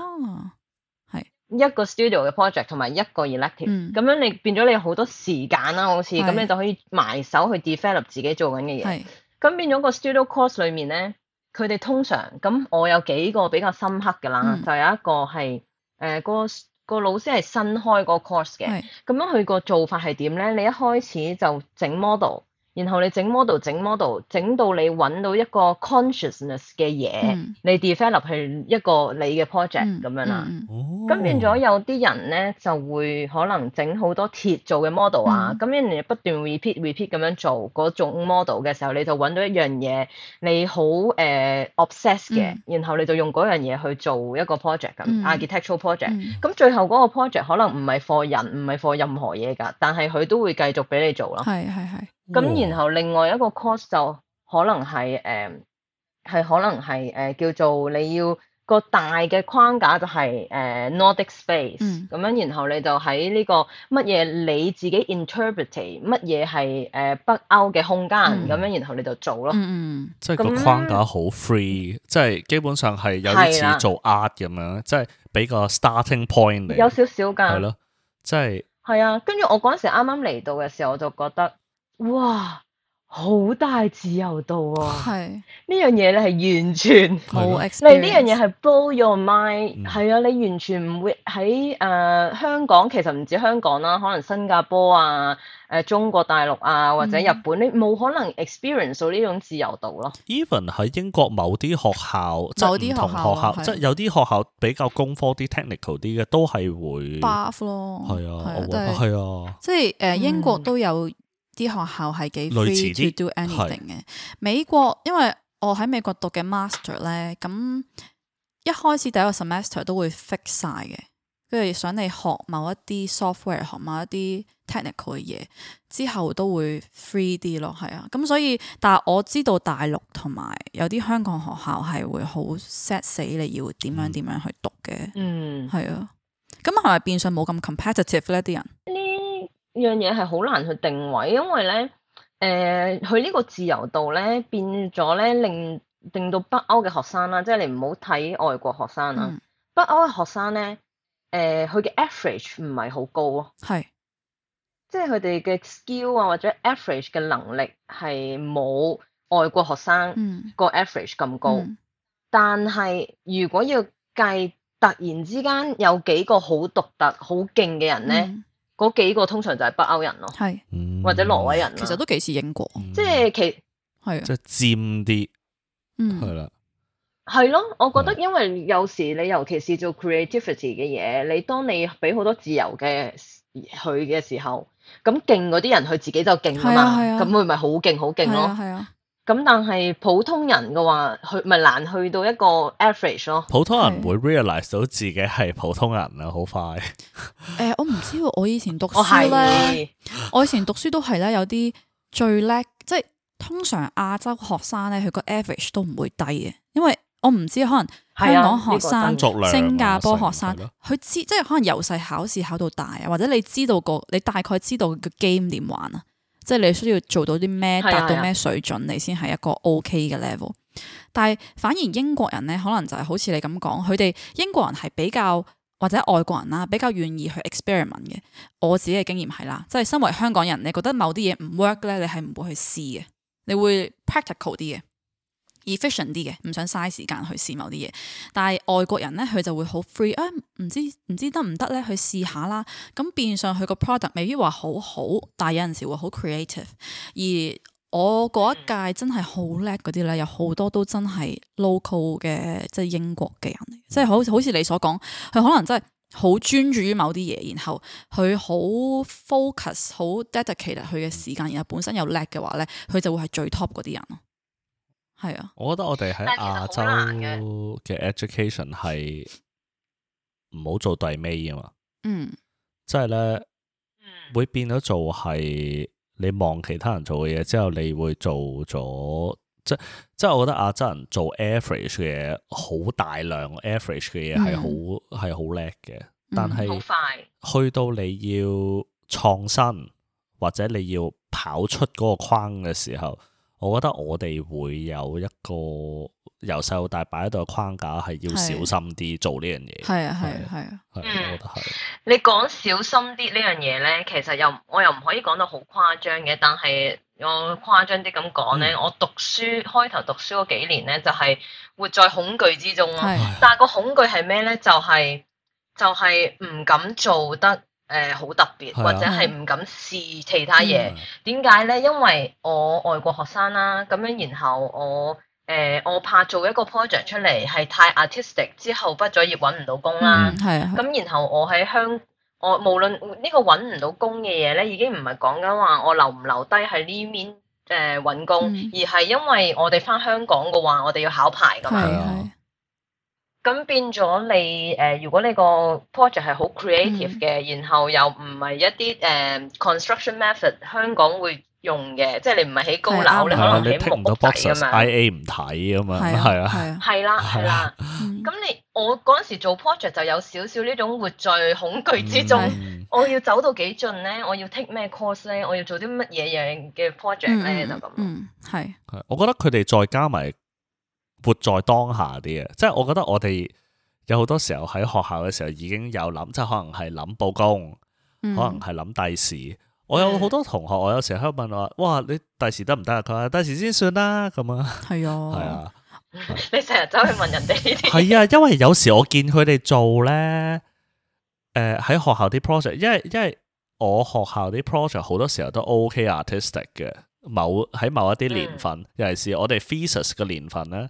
係、哦、一個 studio 嘅 project 同埋一個 elective，咁、嗯、樣你變咗你好多時間啦，好似咁是你就可以埋手去 develop 自己做緊嘅嘢。咁變咗個 studio course 裏面咧，佢哋通常咁，我有幾個比較深刻嘅啦，嗯、就有一個係誒、呃那個、那個老師係新開個 course 嘅，咁樣佢個做法係點咧？你一開始就整 model。然後你整 model 整 model，整到你揾到一個 consciousness 嘅嘢，你 develop 去一個你嘅 project 咁樣啦。咁變咗有啲人咧就會可能整好多鐵做嘅 model 啊，咁樣你不斷 repeat repeat 咁樣做嗰種 model 嘅時候，你就揾到一樣嘢你好誒 obsess 嘅，然後你就用嗰樣嘢去做一個 project 咁，architectural project。咁最後嗰個 project 可能唔係 for 人，唔係 for 任何嘢㗎，但係佢都會繼續俾你做咯。係係係。咁然後另外一個 course 就可能係誒，係、呃、可能係誒、呃、叫做你要個大嘅框架就係、是、誒、呃、Nordic space 咁樣、嗯，然後你就喺呢、這個乜嘢你自己 interpret 乜嘢係誒北歐嘅空間咁樣，嗯、然後你就做咯。嗯，即係個框架好 free，、嗯、即係基本上係有啲似做 art 咁樣，的即係俾個 starting point 你。有少少㗎，係咯，即、就、係、是。係啊，跟住我嗰時啱啱嚟到嘅時候，我就覺得。哇，好大自由度啊！係呢樣嘢咧，係完全冇 ex。你呢樣嘢係 blow your mind，係啊！你完全唔會喺誒香港，其實唔止香港啦，可能新加坡啊、誒中國大陸啊或者日本，你冇可能 experience 到呢種自由度咯。Even 喺英國某啲學校，有啲學校即係有啲學校比較工科啲、technical 啲嘅，都係會 buff 咯。係啊，我覺得係啊，即係誒英國都有。啲學校係幾 free to do anything 嘅，是美國因為我喺美國讀嘅 master 咧，咁一開始第一個 semester 都會 fix 晒嘅，跟住想你學某一啲 software，學某一啲 technical 嘅嘢，之後都會 free 啲咯，係啊，咁所以但係我知道大陸同埋有啲香港學校係會好 set 死你要點樣點樣去讀嘅，嗯，係啊，咁係咪變相冇咁 competitive 咧啲人？呢樣嘢係好難去定位，因為咧，誒、呃，佢呢個自由度咧變咗咧，令令到北歐嘅學生啦、啊，即係你唔好睇外國學生啊，嗯、北歐嘅學生咧，誒、呃，佢嘅 average 唔係好高啊，係是，即係佢哋嘅 skill 啊或者 average 嘅能力係冇外國學生個 average 咁高，嗯、但係如果要計，突然之間有幾個好獨特、好勁嘅人咧。嗯嗰幾個通常就係北歐人咯，係或者挪威人，其實都幾似英國，即係其係即係尖啲，啊、嗯係啦，係咯，我覺得因為有時你尤其是做 creativity 嘅嘢，你當你俾好多自由嘅佢嘅時候，咁勁嗰啲人佢自己就勁啊嘛，咁會唔咪好勁好勁咯，係啊。咁但係普通人嘅話，去咪難去到一個 average 咯。普通人唔會 realize 到自己係普通人啦，好快。誒、 呃，我唔知我以前讀書咧，我以前讀書，呢前讀書都係咧有啲最叻， 即係通常亞洲學生咧，佢個 average 都唔會低嘅，因為我唔知可能香港學生、啊、這個、新加坡學生，佢、啊、嗎知即係可能由細考試考到大啊，或者你知道個，你大概知道個 game 點玩啊。即係你需要做到啲咩，達到咩水準，的你先係一個 OK 嘅 level。但係反而英國人咧，可能就係好似你咁講，佢哋英國人係比較或者外國人啦，比較願意去 experiment 嘅。我自己嘅經驗係啦，即係身為香港人，你覺得某啲嘢唔 work 咧，你係唔會去試嘅，你會 practical 啲嘅。efficient 啲嘅，唔想嘥時間去試某啲嘢。但係外國人咧，佢就會好 free，誒、哎、唔知唔知得唔得咧，去試下啦。咁變相佢個 product 未必話好好，但係有陣時會好 creative。而我嗰一屆真係好叻嗰啲咧，有好多都真係 local 嘅，即係英國嘅人嚟。即係好似好似你所講，佢可能真係好專注於某啲嘢，然後佢好 focus、好 dedicate 佢嘅時間，然後本身又叻嘅話咧，佢就會係最 top 嗰啲人。係啊，我覺得我哋喺亞洲嘅 education 係唔好做第尾啊嘛。嗯，即係咧，會變咗做係你望其他人做嘅嘢之後，你會做咗，即即係我覺得亞洲人做 average 嘅嘢好大量，average 嘅嘢係好係好叻嘅，但係去到你要創新或者你要跑出嗰個框嘅時候。我覺得我哋會有一個由細到大擺喺度嘅框架，係要小心啲做呢樣嘢。係啊，係啊，係啊，我覺得係。你講小心啲呢樣嘢咧，其實又我又唔可以講到好誇張嘅，但係我誇張啲咁講咧，嗯、我讀書開頭讀書嗰幾年咧，就係活在恐懼之中咯。的但係個恐懼係咩咧？就係、是、就係、是、唔敢做得。誒好、呃、特別，或者係唔敢試其他嘢，點解咧？因為我外國學生啦、啊，咁樣然後我誒、呃、我怕做一個 project 出嚟係太 artistic，之後畢咗業揾唔到工啦。係啊，咁、嗯、然後我喺香，我無論呢個揾唔到工嘅嘢咧，已經唔係講緊話我留唔留低喺呢邊誒揾、呃、工，嗯、而係因為我哋翻香港嘅話，我哋要考牌㗎嘛。咁變咗你誒，如果你個 project 係好 creative 嘅，然後又唔係一啲誒 construction method，香港會用嘅，即係你唔係起高樓，你可能起紅屋仔啊嘛。IA 唔睇啊嘛，係啊，係啦，係啦。咁你我嗰陣時做 project 就有少少呢種活在恐懼之中。我要走到幾盡咧？我要 take 咩 course 咧？我要做啲乜嘢樣嘅 project 咧？就咁。係。係，我覺得佢哋再加埋。活在當下啲嘅，即係我覺得我哋有好多時候喺學校嘅時候已經有諗，即係可能係諗報工，嗯、可能係諗第時。我有好多同學，是我有時候喺度問我：哇，你第時得唔得啊？佢話：第時先算啦。咁啊，係啊，係啊，你成日走去問人哋呢啲。係啊，因為有時我見佢哋做咧，誒、呃、喺學校啲 project，因為因為我學校啲 project 好多時候都 OK artistic 嘅，某喺某一啲年份，嗯、尤其是我哋 thesis 嘅年份咧。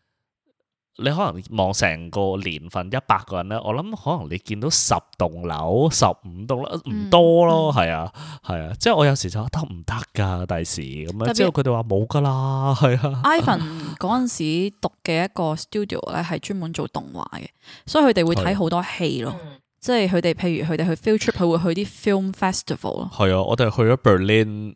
你可能望成個年份一百個人咧，我諗可能你見到十棟樓、十五棟樓唔多咯，係、嗯、啊，係啊。即係我有時我就得唔得噶第時咁樣，之後佢哋話冇噶啦，係啊。特別 Ivan 嗰陣時讀嘅一個 studio 咧係專門做動畫嘅，所以佢哋會睇好多戲咯。啊、即係佢哋，譬如佢哋去 field trip，佢會去啲 film festival 咯。係啊，我哋去咗 Berlin。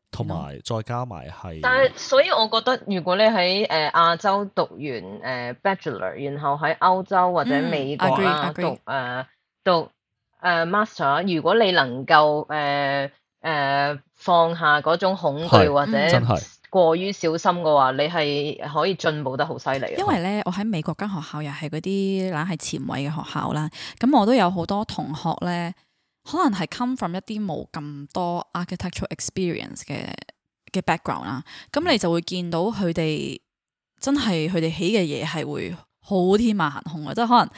同埋再加埋係，但係所以我覺得，如果你喺誒、呃、亞洲讀完誒、呃、bachelor，然後喺歐洲或者美國啊、嗯、讀誒、uh, 讀、uh, master，如果你能夠誒誒放下嗰種恐懼是或者、嗯、真係過於小心嘅話，你係可以進步得好犀利。因為咧，我喺美國間學校又係嗰啲懶係前衞嘅學校啦，咁我都有好多同學咧。可能係 come from 一啲冇咁多 architectural experience 嘅嘅 background 啦，咁你就會見到佢哋真係佢哋起嘅嘢係會好天馬行空嘅，即係可能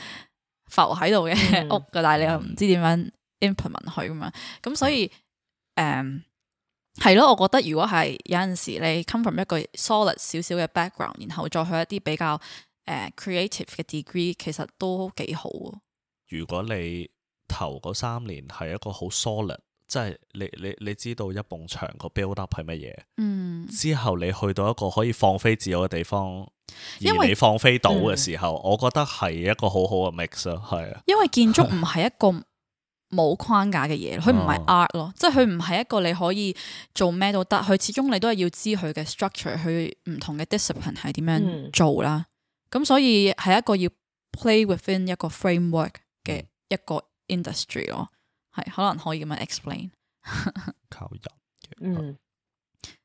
浮喺度嘅屋㗎，嗯、 但係你又唔知點樣 implement 佢咁樣，咁、嗯、所以誒係咯，我覺得如果係有陣時你 come from 一個 solid 少少嘅 background，然後再去一啲比較誒、uh, creative 嘅 degree，其實都幾好。如果你頭嗰三年係一個好 solid，即係你你你知道一埲牆個 buildup 係乜嘢，嗯、之後你去到一個可以放飛自由嘅地方，因為你放飛到嘅時候，為我覺得係一個好好嘅 mix 咯，係啊。因為建築唔係一個冇框架嘅嘢，佢唔係 art 咯、嗯，即係佢唔係一個你可以做咩都得，佢始終你都係要知佢嘅 structure，佢唔同嘅 discipline 係點樣做啦。咁、嗯、所以係一個要 play within 一個 framework 嘅一個。industry 咯，係可能可以咁樣 explain。靠人，嗯，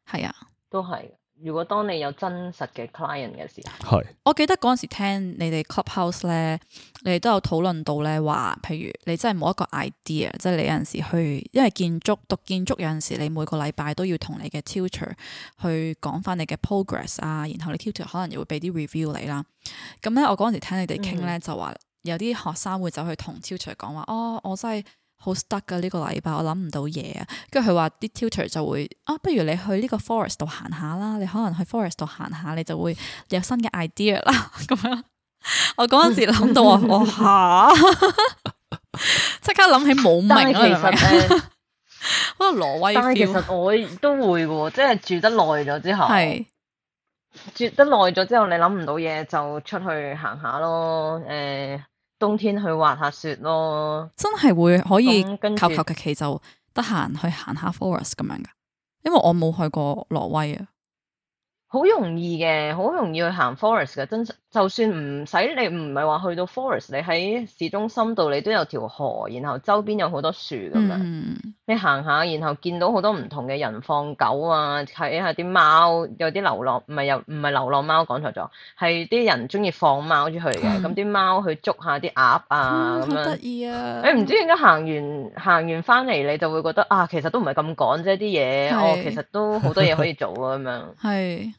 係啊，都係。如果當你有真實嘅 client 嘅時候，係是。我記得嗰陣時聽你哋 clubhouse 咧，你哋都有討論到咧，話譬如你真係冇一個 idea，即係你有陣時去，因為建築讀建築有陣時，你每個禮拜都要同你嘅 teacher 去講翻你嘅 progress 啊，然後你 teacher 可能又會俾啲 review 你啦 re。咁咧，我嗰陣時聽你哋傾咧，就話、嗯。有啲學生會走去同 tutor 講話，哦，我真係好 stuck 噶、啊、呢、這個禮拜，我諗唔到嘢啊。跟住佢話啲 tutor 就會，啊、哦，不如你去呢個 forest 度行下啦。你可能去 forest 度行下，你就會有新嘅 idea 啦。咁 樣，我嗰陣時諗到話，我下，即刻諗起冇名啊，係咪啊？可能挪威。其實我都會嘅喎，即係住得耐咗之後，是住得耐咗之後，你諗唔到嘢就出去行下咯。誒、呃。冬天去滑下雪咯，真係會可以求求其其就得閒、嗯、去行下 forest 咁樣噶，因為我冇去過挪威啊。好容易嘅，好容易去行 forest 嘅，真就算唔使你唔係話去到 forest，你喺市中心度你都有條河，然後周邊有好多樹咁樣，嗯、你行下，然後見到好多唔同嘅人放狗啊，睇下啲貓，有啲流浪唔係又唔係流浪貓，講錯咗，係啲人中意放貓出去嘅，咁啲貓去捉下啲鴨啊，咁樣得意啊！你唔、欸、知點解行完行完翻嚟，你就會覺得啊，其實都唔係咁趕啫，啲嘢，我是、哦、其實都好多嘢可以做啊，咁樣係。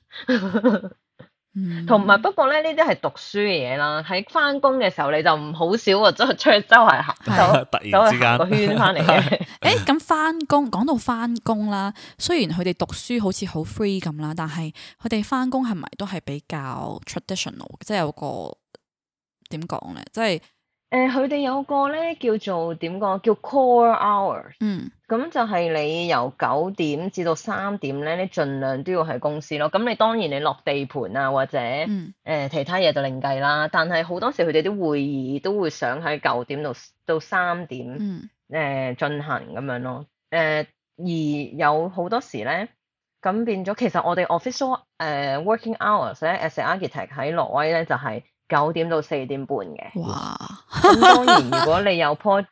同埋 有、嗯、不過咧，呢啲係讀書嘅嘢啦。喺翻工嘅時候，你就唔好少啊。即係出去周圍行， 突然之間個圈翻嚟嘅。誒、 欸，咁翻工講到翻工啦，雖然佢哋讀書好似好 free 咁啦，但係佢哋翻工係咪都係比較 traditional？即係有個點講咧，即係。就是誒，佢哋有個咧，叫做點講，叫 core hours，嗯，咁就係你由九點至到三點咧，你盡量都要喺公司咯。咁你當然你落地盤啊，或者誒、嗯呃、其他嘢就另計啦。但係好多時佢哋啲會議都會想喺九點到到三點，嗯，誒、呃、進行咁樣咯。誒、呃、而有好多時咧，咁變咗其實我哋 official 誒、uh, working hours 咧，as an architect 喺挪威咧就係、是。九點到四點半嘅，咁哇 當然如果你有 project，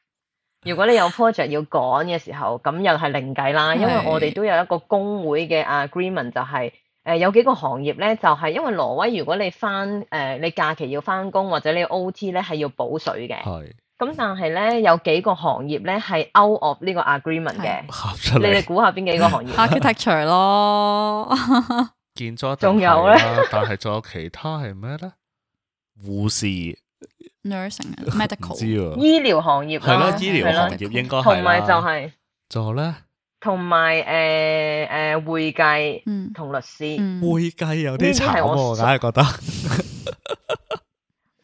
如果你有 project 要趕嘅時候，咁又係另計啦。是因為我哋都有一個工會嘅 agreement，就係、是、誒、呃、有幾個行業咧，就係、是、因為挪威如果你翻誒、呃、你假期要翻工或者你 OT 咧係要補水嘅，係咁是但係咧有幾個行業咧係 out of 呢個 agreement 嘅，是你哋估下邊幾個行業？architecture 咯。 建咗建築。仲有咧？ 但係仲有其他係咩咧？護士、nursing、medical，知喎，醫療行業係咯，醫療行業應該係啦。同埋就係，仲有咧，同埋誒誒，會計同律師，會計有啲慘喎，我梗係覺得。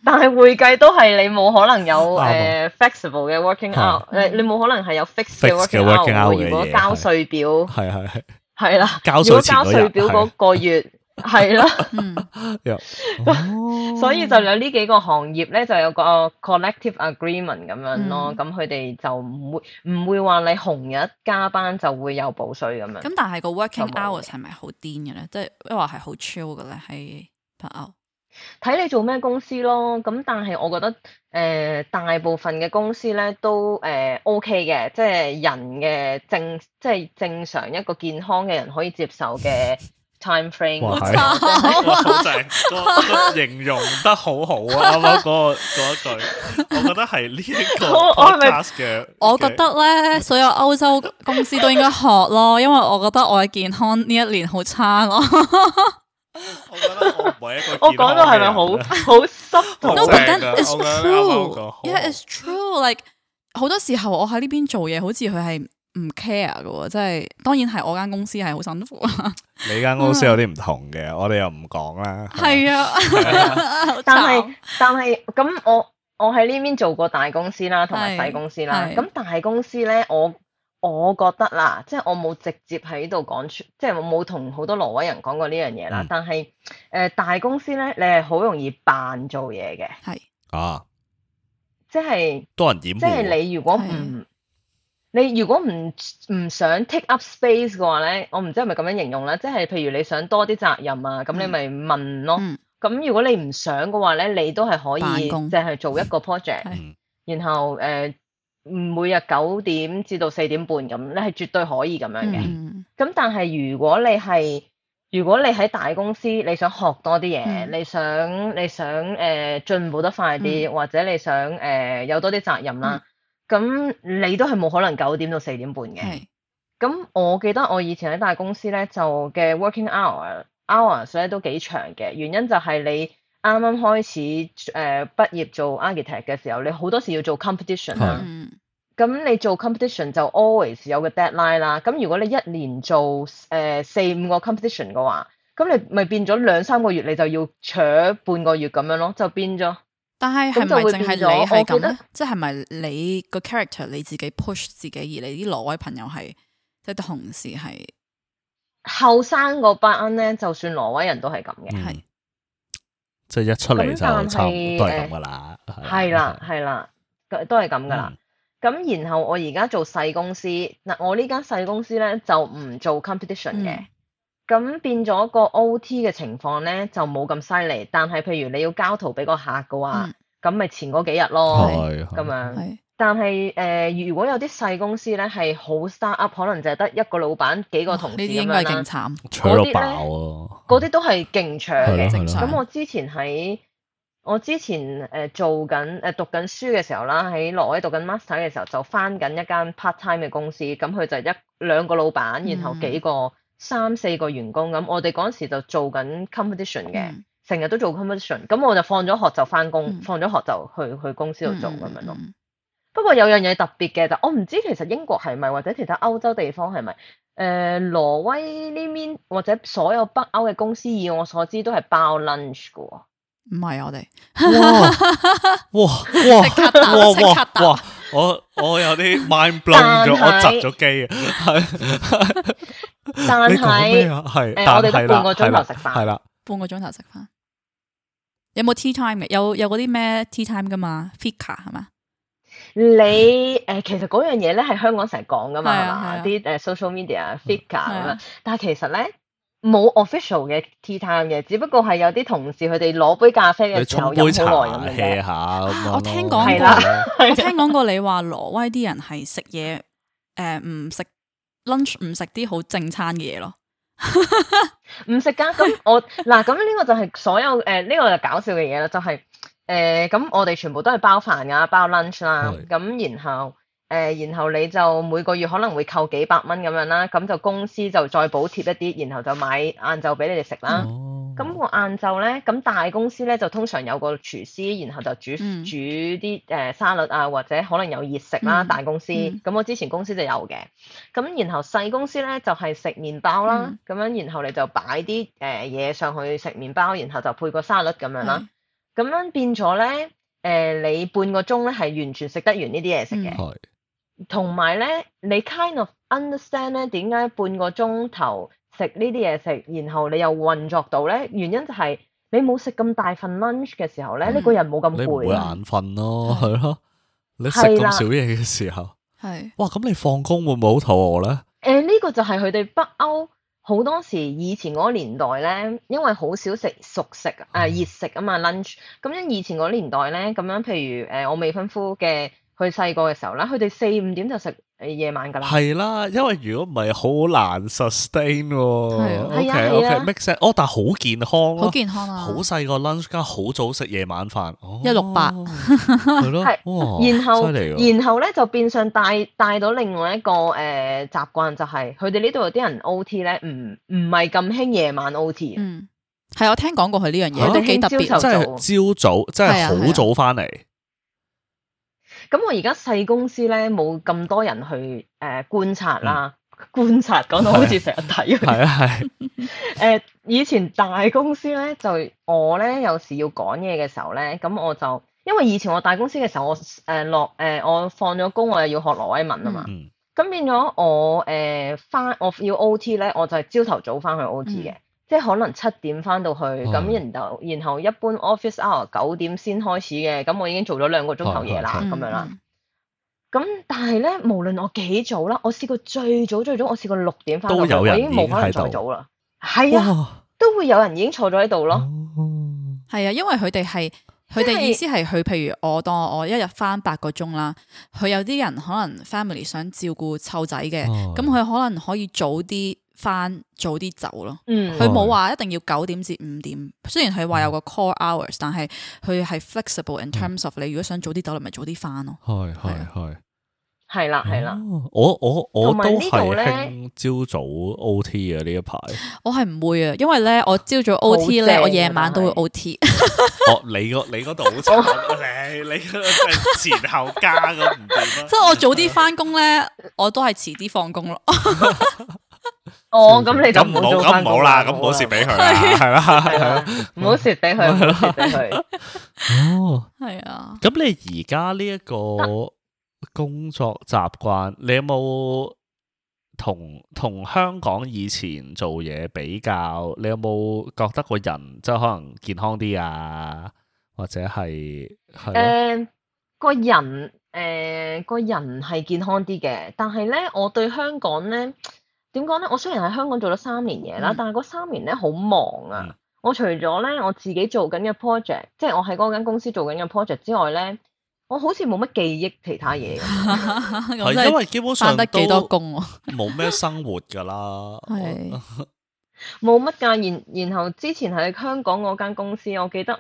但係會計都係你冇可能有誒 flexible 嘅 working out，你你冇可能係有 fixed 嘅 working out 嘅嘢。如果交稅表係係係啦，交稅交稅表嗰個月。係啦， 所以就有呢幾個行業咧，就有個 collective agreement 咁樣咯。咁佢哋就唔會唔、嗯、會話你紅日加班就會有補稅咁樣。咁但係個 working hours 係咪好癲嘅咧？即係一話係好 chill 嘅咧？喺北歐睇你做咩公司咯。咁但係我覺得誒、呃，大部分嘅公司咧都誒、呃、OK 嘅，即、就、係、是、人嘅正，即、就、係、是、正常一個健康嘅人可以接受嘅。 timeframe，好正，形容得好好啊！啱啱嗰一句，我覺得係呢一個 p o d 我覺得咧，所有歐洲公司都應該學咯，因為我覺得我嘅健康呢一年好差咯。我覺得我唔係一個，我講到係咪好好濕啊？Yeah，it's true。Like 好多時候我喺呢邊做嘢，好似佢係。唔 care 噶，即係當然係我間公司係好辛苦啊。你間公司有啲唔同嘅， 我哋又唔講啦。係啊，但係但係咁，我我喺呢邊做過大公司啦，同埋細公司啦。咁大公司咧，我我覺得啦，即係我冇直接喺度講出，即係我冇同好多挪威人講過呢樣嘢啦。嗯、但係誒、呃，大公司咧，你係好容易扮做嘢嘅。係啊，即係多人掩，即係你如果唔是。你如果唔唔想 take up space 嘅話咧，我唔知係咪咁樣形容啦，即係譬如你想多啲責任啊，咁你咪問咯。咁如果你唔想嘅話咧，你都係可以即係做一個 project，然後誒每日九點至到四點半咁，你係絕對可以咁樣嘅。咁但係如果你係如果你喺大公司，你想學多啲嘢，你想你想誒進步得快啲，或者你想誒有多啲責任啦。咁你都係冇可能九點到四點半嘅。咁是我記得我以前喺大公司咧，就嘅 working hour hours 所以都幾長嘅。原因就係你啱啱開始誒畢、呃、業做 architect 嘅時候，你好多時要做 competition 啦。咁是你做 competition 就 always 有個 deadline 啦。咁如果你一年做誒四五個 competition 嘅話，咁你咪變咗兩三個月你就要搶半個月咁樣咯，就變咗。但係係咪淨係你係咁咧？即係咪你個 character 你自己 push 自己，而你啲挪威朋友係即係同時係後生嗰班咧，就算挪威人都係咁嘅，係即係一出嚟就差唔多係咁噶啦，係啦係啦，都係咁噶啦。咁、嗯、然後我而家做細公司嗱，我呢間細公司咧就唔做 competition 嘅。嗯咁變咗個 O T 嘅情況咧，就冇咁犀利。但係，譬如你要交圖俾個客嘅話，咁咪、嗯、前嗰幾日咯。咁啊，樣但係誒、呃，如果有啲細公司咧，係好 start up，可能就係得一個老闆幾個同事咁樣啦。嗰啲咧，嗰啲都係勁搶嘅。咁、嗯、我之前喺我之前誒做緊誒讀緊書嘅時候啦，喺挪威讀緊 master 嘅時候，就翻緊一間 part time 嘅公司。咁佢就一兩個老闆，然後幾個、嗯。三四個員工咁，我哋嗰陣時就做緊 competition 嘅，成日都做 competition。咁我就放咗學就翻工，嗯、放咗學就去去公司度做咁樣咯。嗯嗯、不過有樣嘢特別嘅就，我唔知其實英國係咪或者其他歐洲地方係咪？誒、呃，挪威呢邊或者所有北歐嘅公司，以我所知都係包 lunch 嘅。唔係我哋，哇哇！即刻我我有啲 mind blown 咗，我窒咗機啊！但係，但係，係，我哋得半個鐘頭食飯，係啦，啦半個鐘頭食飯。有冇 tea time 嘅？有有嗰啲咩 tea time 噶嘛 Fika 係嘛？Fika, 你誒、呃，其實嗰樣嘢咧係香港成日講噶嘛？係啲誒 social media Fika 咁啊！但係其實咧。冇 official 嘅 tea time 嘅，只不過係有啲同事佢哋攞杯咖啡嘅時候飲好耐咁嘅。我聽講啦，我聽講過你話挪威啲人係食嘢，誒唔食 lunch 唔食啲好正餐嘅嘢咯，唔食㗎。咁我嗱咁呢個就係所有誒呢、呃呢個就搞笑嘅嘢啦，就係誒咁我哋全部都係包飯㗎，包 lunch 啦，咁是然後。誒、呃，然後你就每個月可能會扣幾百蚊咁樣啦，咁就公司就再補貼一啲，然後就買晏晝俾你哋食啦。咁我晏晝咧，咁大公司咧就通常有個廚師，然後就煮煮啲誒沙律啊，或者可能有熱食啦。大公司，咁我之前公司就有嘅。咁然後細公司咧就係食麵包啦，咁樣然後你就擺啲誒嘢上去食麵包，然後就配個沙律咁樣啦。咁樣變咗咧，誒、呃、你半個鐘咧係完全食得完呢啲嘢食嘅。嗯嗯嗯。同埋咧，你 kind of understand 咧，點解半個鐘頭食呢啲嘢食，然後你又運作到咧？原因就係、是、你冇食咁大份 lunch 嘅時候咧，呢個人冇咁攰啊，你唔會眼瞓咯，係咯？你食咁少嘢嘅時候，係的哇？咁你放工會唔會好肚餓咧？誒的，呢、呃，這個就係佢哋北歐好多時以前嗰年代咧，因為好少食熟食啊熱食啊嘛 lunch。咁樣的以前嗰年代咧，咁樣譬如誒、呃，我未婚夫嘅。佢細個嘅時候啦，佢哋四五點就食夜晚噶啦。係啦，因為如果唔係，好難 sustain。係啊，係啊 OK mix 哦，但係好健康，好健康啊，好細個 lunch 加好早食夜晚飯。一六八係咯，哇！然後然後咧就變相帶帶到另外一個誒習慣，就係佢哋呢度有啲人 O T 咧，唔唔係咁興夜晚 O T。嗯，係我聽講過佢呢樣嘢都幾特別，即係朝早，即係好早翻嚟。咁我而家細公司咧冇咁多人去誒、呃、觀察啦，嗯、觀察講到好似成日睇咁。係啊係。誒以前大公司咧，就我咧有時要講嘢嘅時候咧，咁我就因為以前我大公司嘅時候，我誒落誒我放咗工，我又要學挪威文啊嘛。咁、嗯、變咗我誒翻、呃、我要 OT 咧，我就係朝頭早翻去 OT 嘅。嗯即係可能七點翻到去，咁然後然後一般 office hour 九點先開始嘅，咁、哦、我已經做咗兩個鐘頭嘢啦，咁、嗯、樣啦。咁但係咧，無論我幾早啦，我試過最早最早，我試過六點翻到，有已我已經冇可能再早啦。係、哦、啊，都會有人已經坐咗喺度咯。係、哦、 啊，因為佢哋係佢哋意思係佢，譬如我當我我一日翻八個鐘啦，佢有啲人可能 family 想照顧湊仔嘅，咁佢、哦、可能可以早啲。翻早啲走咯，佢冇話一定要九點至五點。雖然佢話有個 core hours，但係佢係 flexible in terms of 你如果想早啲走，你咪早啲翻咯。係係係，係啦係啦。我我我都係興朝早 OT 嘅呢一排。我係唔會啊，因為咧我朝早 OT 咧，我夜晚都會 OT。哦，你個你嗰度好慘，你你前後加咁，即係我早啲翻工咧，我都係遲啲放工咯。哦，咁你就唔好咁唔好啦，咁唔好蝕俾佢係啦，唔好蝕俾佢咯。哦，係啊。咁你而家呢一個工作習慣，你有冇同同香港以前做嘢比較？你有冇覺得個人即係可能健康啲啊？或者係係誒個人誒個人係健康啲嘅，但係呢，我對香港呢。點講咧？我雖然喺香港做咗三年嘢啦，嗯、但係嗰三年咧好忙啊！嗯、我除咗咧我自己做緊嘅 project，即係我喺嗰間公司做緊嘅 project 之外咧，我好似冇乜記憶其他嘢。 因為基本上都冇咩生活噶啦，係冇乜噶。然 然後之前喺香港嗰間公司，我記得，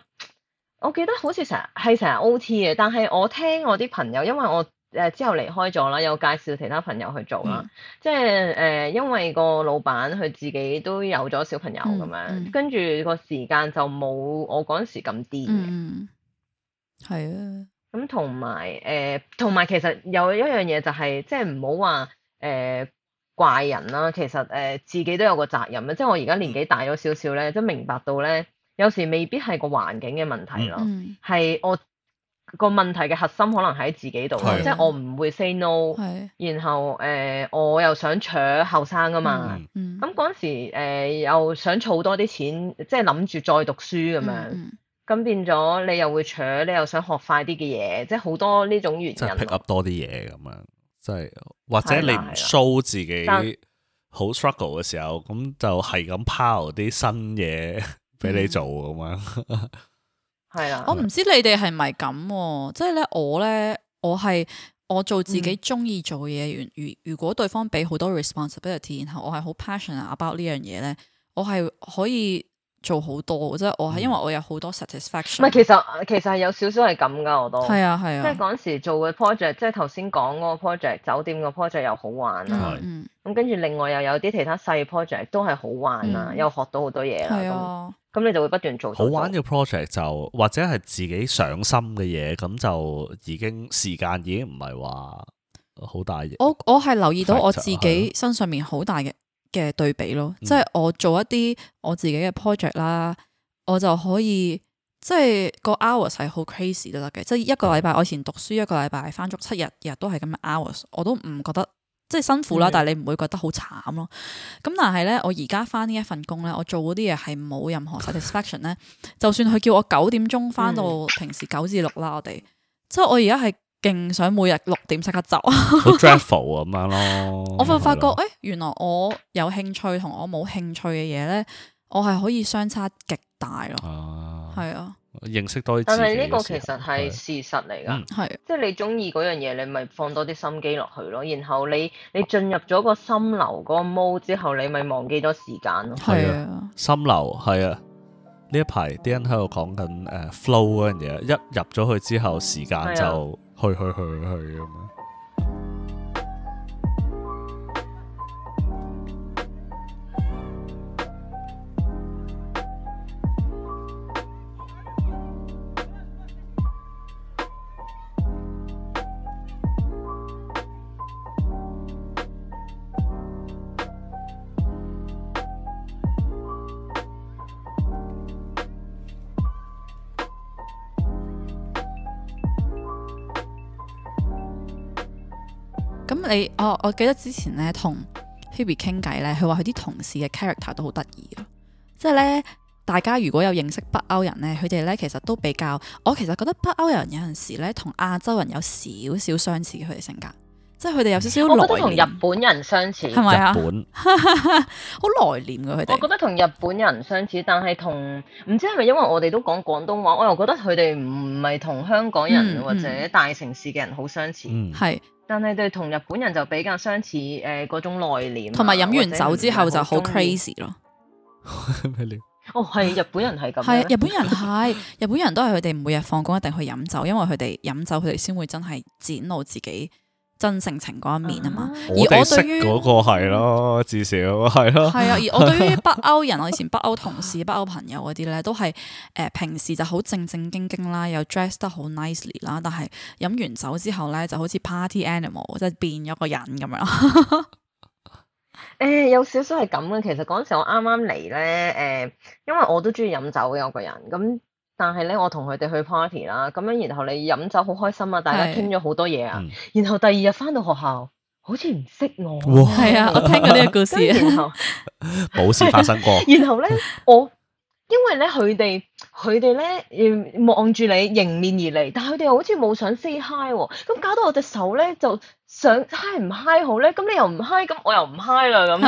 我記得好似成日係成日 OT 嘅。但係我聽我啲朋友，因為我。誒之後離開咗啦，有介紹其他朋友去做啦。嗯、即係誒、呃，因為個老闆佢自己都有咗小朋友咁樣，跟住、嗯嗯、個時間就冇我嗰陣時咁癲嘅。係啊、嗯，咁同埋誒，同埋、嗯呃、其實有一樣嘢就係、是，即係唔好話誒怪人啦。其實誒、呃、自己都有個責任啊。即係我而家年紀大咗少少咧，都明白到咧，有時未必係個環境嘅問題咯，係、嗯嗯、我。個問題嘅核心可能喺自己度，的即係我唔會 say no，的然後誒、呃、我又想搶後生啊嘛，咁嗰陣時、呃、又想儲多啲錢，即係諗住再讀書咁樣，咁、嗯、變咗你又會搶，你又想學快啲嘅嘢，即係好多呢種原因。即係 pick up 多啲嘢咁樣，即係或者你唔 show 自己好 struggle 嘅時候，咁就係咁拋啲新嘢俾你做咁樣。 係啦、啊就是，我唔知你哋係咪咁，即係咧我咧，我係我做自己中意做嘅嘢，嗯、如如如果對方俾好多 responsibility，然後我係好 passionate about 呢樣嘢咧，我係可以做好多，即、就、係、是、我係因為我有好多 satisfaction。唔係、嗯，其實其實有少少係咁噶，我都係啊係啊，即係嗰時做嘅 project，即係頭先講嗰個 project，酒店個 project 又好玩啊，咁、嗯嗯、跟住另外又有啲其他細 project 都係好玩啊，嗯、又學到好多嘢啦。的的咁你就會不斷做。好玩嘅 project 就或者係自己上心嘅嘢，咁就已經時間已經唔係話好大嘢。我我係留意到我自己身上面好大嘅嘅對比咯，即係、嗯、我做一啲我自己嘅 project 啦，我就可以即係、就是、個 hours 係好 crazy 都得嘅，即、就、係、是、一個禮拜、嗯、我以前讀書一個禮拜返足七日日都係咁樣 hours，我都唔覺得。即係辛苦啦，但係你唔會覺得好慘咯？咁但係咧，我而家翻呢一份工咧，我做嗰啲嘢係冇任何 satisfaction 咧。 就算佢叫我九點鐘翻到平時九至六啦，嗯，我哋即係我而家係勁想每日六點即刻走。好 drivable 咁，嗯、樣咯。 我發發覺，誒的、哎，原來我有興趣同我冇興趣嘅嘢咧，我係可以相差極大咯。係啊。認識多啲，但係呢個其實係事實嚟噶，即係你中意嗰樣嘢，你咪放多啲心機落去咯。然後你你進入咗個心流嗰個 mode 之後，你咪忘記咗時間咯。係啊，心流係啊，呢一排啲人喺度講緊誒 flow 嗰樣嘢，一入咗去之後，時間就去去去去咁。你，我、哦、我記得之前咧同 Hibby 傾偈咧，佢話佢啲同事嘅 character 都好得意。即係咧，大家如果有認識北歐人咧，佢哋咧其實都比較，我其實覺得北歐人有陣時咧同亞洲人有少少相似佢哋性格。即係佢哋有少少，我覺得同日本人相似，係咪啊？日本，好內斂嘅佢哋， 我覺得同日本人相似，但係同唔知係咪因為我哋都講廣東話，我又覺得佢哋唔係同香港人或者大城市嘅人好相似，係、嗯，但係佢同日本人就比較相似，誒、呃，嗰種內斂、啊，同埋飲完酒之後就好 crazy 咯。咩 哦，係日本人係咁，係啊，日本人係， 日本人都係佢哋每日放工一定去飲酒，因為佢哋飲酒，佢哋先會真係展露自己。真性情嗰一面啊嘛，uh huh. 而我對於嗰個係咯，至少係咯。係 啊，而我對於北歐人， 我以前北歐同事、北歐 朋友嗰啲咧，都係誒、呃、平時就好正正經經啦，又 dress 得好 nicely 啦，但係飲完酒之後咧，就好似 party animal，即係變咗個人咁樣。誒、 呃，有少少係咁嘅，其實嗰陣時我啱啱嚟咧，誒、呃，因為我都中意飲酒嘅一個人咁。但係咧，我同佢哋去 party 啦，咁樣然後你飲酒好開心啊，大家傾咗好多嘢啊，的然後第二日翻到學校，好似唔識我，係啊哇、嗯，我聽過呢個故事。然後冇 事發生過。 然後咧，我因為咧，佢哋佢哋咧，望住你迎面而嚟，但係佢哋又好似冇想 say hi，咁搞到我隻手咧就想嗨唔嗨好咧，咁你又唔嗨，i 咁我又唔嗨 i g 啦咁。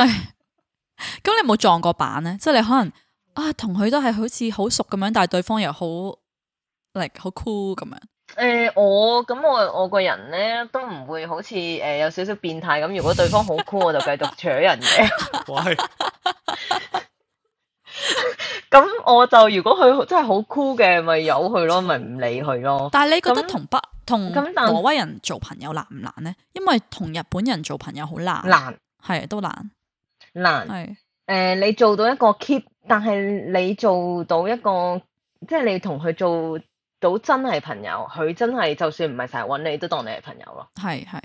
咁你冇撞過板咧？即係你可能。啊，同佢都係好似好熟咁樣，但係對方又好，like 好 cool 咁樣。誒、like, cool 欸，我咁我我個人咧都唔會好似誒、呃、有少少變態咁。如果對方好酷，我就繼續扯人嘅。咁喂 我就如果佢真係好酷嘅，咪由佢咯，咪唔理佢咯。但係你覺得同北同挪威人做朋友難唔難呢？因為同日本人做朋友好難，難係都難難係。誒是、呃，你做到一個 keep。但係你做到一個即係、就是、你同佢做到真係朋友，佢真係就算唔係成日揾你，都當你係朋友咯。係係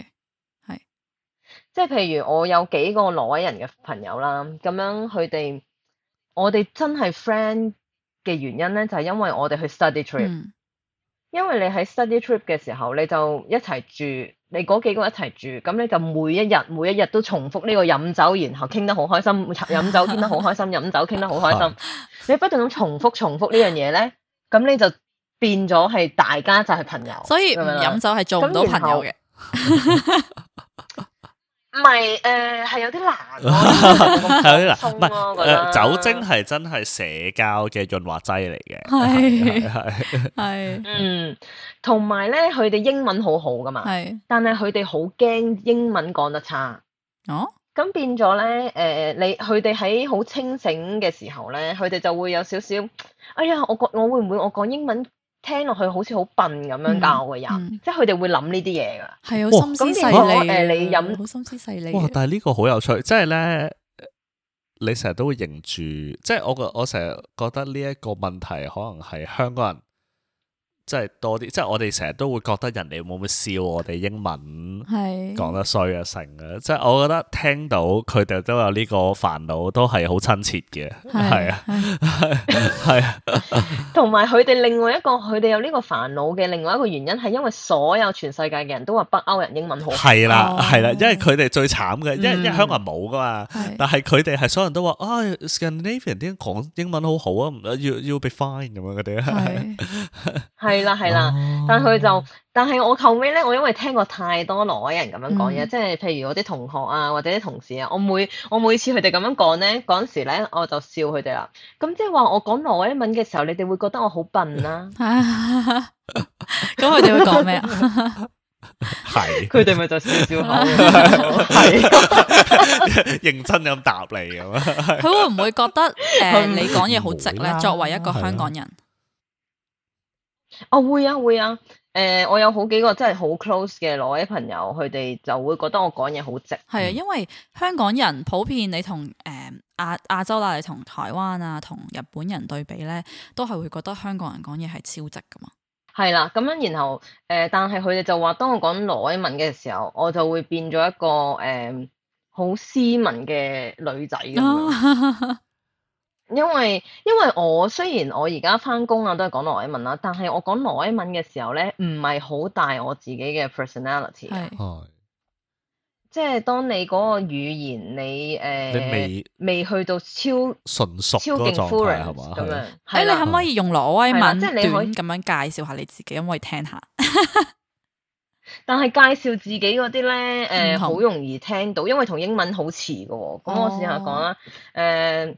係，即係譬如我有幾個挪威人嘅朋友啦，咁樣佢哋，我哋真係 friend 嘅原因咧，就係、是、因為我哋去 study trip，嗯、因為你喺 study trip 嘅時候，你就一齊住。你嗰幾個一齊住，咁你就每一日每一日都重複呢個飲酒，然後傾得好開心，飲酒傾得好開心，飲酒傾得好開心。 你不斷咁重複重複呢樣嘢呢，咁你就變咗係大家就係朋友。所以唔飲酒係做唔到朋友嘅。 唔係，誒，係、呃、有啲難，有啲難，唔係、 呃、酒精係真係社交嘅潤滑劑嚟嘅，係係 嗯，同埋咧，佢哋英文好好噶嘛，係是，但係佢哋好驚英文講得差，哦，咁變咗咧，誒、呃，你佢哋喺好清醒嘅時候咧，佢哋就會有少少，哎呀，我講，我會唔會我講英文？聽落去好似好笨咁樣教我嘅人，嗯嗯、即係佢哋會諗呢啲嘢噶，係好心思細膩。咁如果你飲，好心思細膩。哇！但係呢個好有趣，即係咧，你成日都會認住，即係我個我成日覺得呢一個問題可能係香港人。即係多啲，即係我哋成日都會覺得人哋會唔會笑我哋英文講得衰啊成。啊！即係我覺得聽到佢哋都有呢個煩惱，都係好親切嘅，係啊，係啊。同埋佢哋另外一個，佢哋有呢個煩惱嘅另外一個原因，係因為所有全世界嘅人都話北歐人英文好係啦，係啦，因為佢哋最慘嘅，因因為香港人冇噶嘛，但係佢哋係所有人都話啊 Scandinavian 啲講英文好好啊，要要 be fine 咁樣佢哋係。啦，係啦、啊啊，但佢就，但係我後尾咧，我因為聽過太多挪威人咁樣講嘢，嗯、即係譬如我啲同學啊，或者啲同事啊，我每我每次佢哋咁樣講咧，嗰陣時咧，我就笑佢哋啦。咁即係話我講挪威文嘅時候，你哋會覺得我好笨啦。咁佢哋會講咩啊？係， 佢哋咪就笑笑口，係 認真咁答你咁？佢 會唔會覺得誒，呃、不你講嘢好直咧？啊、作為一個香港人。啊會啊會啊！誒、啊呃，我有好幾個真係好 close 嘅挪威朋友，佢哋就會覺得我講嘢好直。係啊，因為香港人普遍你同誒亞亞洲啦，你同台灣啊，同日本人對比咧，都係會覺得香港人講嘢係超直噶嘛。係啦，咁樣然後誒、呃，但係佢哋就話，當我講挪威文嘅時候，我就會變咗一個誒好、呃、斯文嘅女仔咁 因為因為我雖然我而家，返工啊，都係講挪威文啦，但係我講挪威文嘅時候咧，唔係好大我自己嘅 personality。係。即係當你嗰個語言，你誒，未未去到超純熟、超勁 full 係嘛咁樣？哎，你可唔可以用挪威文即短咁樣介紹下你自己，可唔可以聽下。但係介紹自己嗰啲咧，誒，好容易聽到，因為同英文好似噶喎。咁我試下講啦，誒。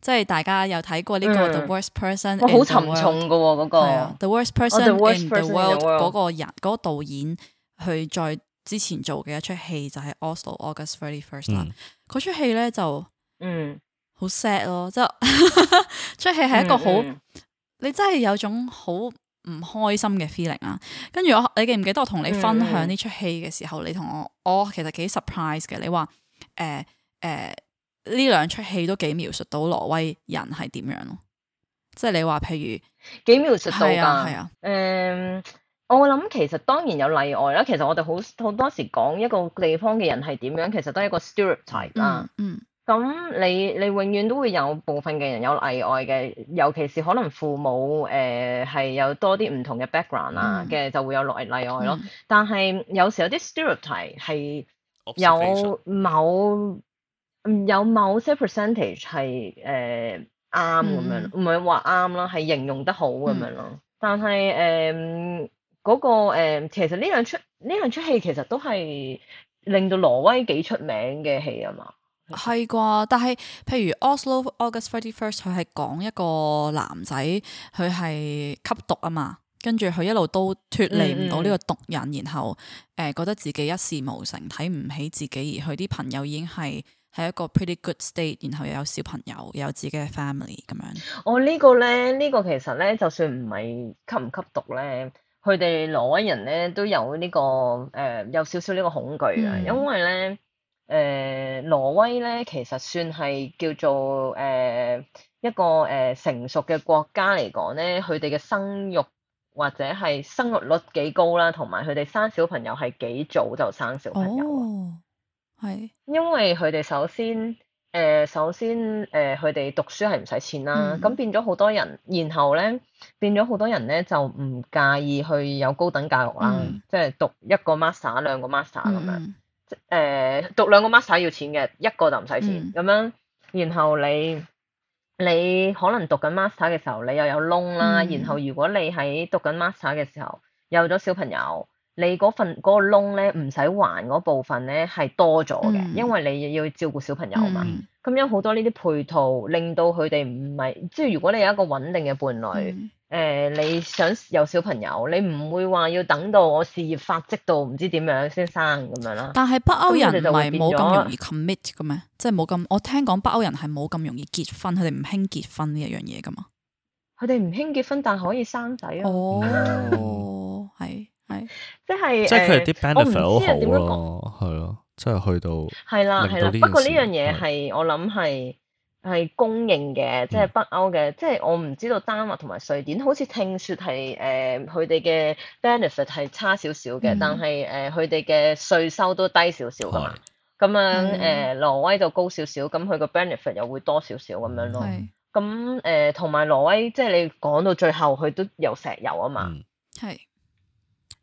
即係大家有睇過呢個、嗯、The Worst Person，好沉重噶喎嗰個 The Worst Person in the World 嗰、啊那個人，嗰、啊 oh, 個導演去、那個、再之前做嘅一出戲就係 Oslo, August Thirty First 啦。嗰出戲咧就嗯好 sad 咯，即 係出戲係一個好，嗯嗯、你真係有種好唔開心嘅 feeling 啊。跟住我，你記唔記得我同你分享呢出戲嘅時候，嗯、你同我，我、哦、其實幾 surprise 嘅。你話誒誒。呃呃呃呢兩出戲都幾描述到挪威人係點樣咯，即係你話譬如幾描述到㗎，係啊，誒、啊，um, 我諗其實當然有例外啦。其實我哋好好多時講一個地方嘅人係點樣，其實都係一個 stereotype 啦嗯。嗯，咁你你永遠都會有部分嘅人有例外嘅，尤其是可能父母誒係、呃、有多啲唔同嘅 background 啊嘅、嗯、就會有例例外咯。嗯、但係有時有啲 stereotype 係有某 Observation。嗯、有某些 percentage 係誒啱咁樣，唔係話啱咯，係形容得好咁樣咯。嗯、但係誒嗰個誒、呃，其實呢兩出呢兩出戲其實都係令到挪威幾出名嘅戲啊嘛。係啩吧？但係譬如 Oslo August thirty first，佢係講一個男仔，佢係吸毒啊嘛，跟住佢一路都脫離唔到呢個毒癮，嗯、然後誒、呃、覺得自己一事無成，睇唔起自己，而佢啲朋友已經係。係一個 pretty good state，然後又有小朋友，有自己嘅 family 咁樣。哦，呢個、呢個咧，呢、呢個其實咧，就算唔係吸唔吸毒咧，佢哋挪威人咧都有呢、呢個誒、呃，有少少呢個恐懼啊。嗯、因為咧，誒、呃，挪威咧其實算係叫做誒、呃、一個誒、呃、成熟嘅國家嚟講咧，佢哋嘅生育或者係生育率幾高啦，同埋佢哋生小朋友係幾早就生小朋友。哦係，因為佢哋首先，誒、呃，首先，誒、呃，佢哋讀書係唔使錢啦，咁、嗯、變咗好多人，然後咧變咗好多人咧就唔介意去有高等教育啦，嗯、即係讀一個 master 兩個 master 咁樣，嗯、即誒、呃，讀兩個 master 要錢嘅，一個就唔使錢，咁、嗯、樣，然後你你可能讀緊 master 嘅時候，你又有 loan 啦，嗯、然後如果你喺讀緊 master 嘅時候有咗小朋友。你嗰份嗰、嗰個窿咧，唔使還嗰部分咧係多咗嘅，嗯、因為你要照顧小朋友嘛。咁有好多呢啲配套，令到佢哋唔係即係如果你有一個穩定嘅伴侶，誒、嗯呃、你想有小朋友，你唔會話要等到我事業發跡到唔知點樣先生咁樣咯。但係北歐人唔係冇咁容易 commit 嘅咩？即係冇咁，我聽講北歐人係冇咁容易結婚，佢哋唔興結婚呢一樣嘢㗎嘛。佢哋唔興結婚，但係可以生仔啊。Oh. 係，即係即係佢哋啲 benefit 好好咯、啊，係咯，即係、就是、去到係啦係啦。不過呢樣嘢係我諗係係公認嘅，即係、嗯、北歐嘅。即、就、係、是、我唔知道丹麥同埋瑞典，好似聽說係誒佢哋嘅 benefit 係差少少嘅，但係誒佢哋嘅稅收都低少少㗎嘛。咁、嗯、樣誒，挪、uh, 威就高少少，咁佢個 benefit 又會多少少咁樣咯。咁誒，同埋挪威即係、就是、你講到最後，佢都有石油啊嘛，係。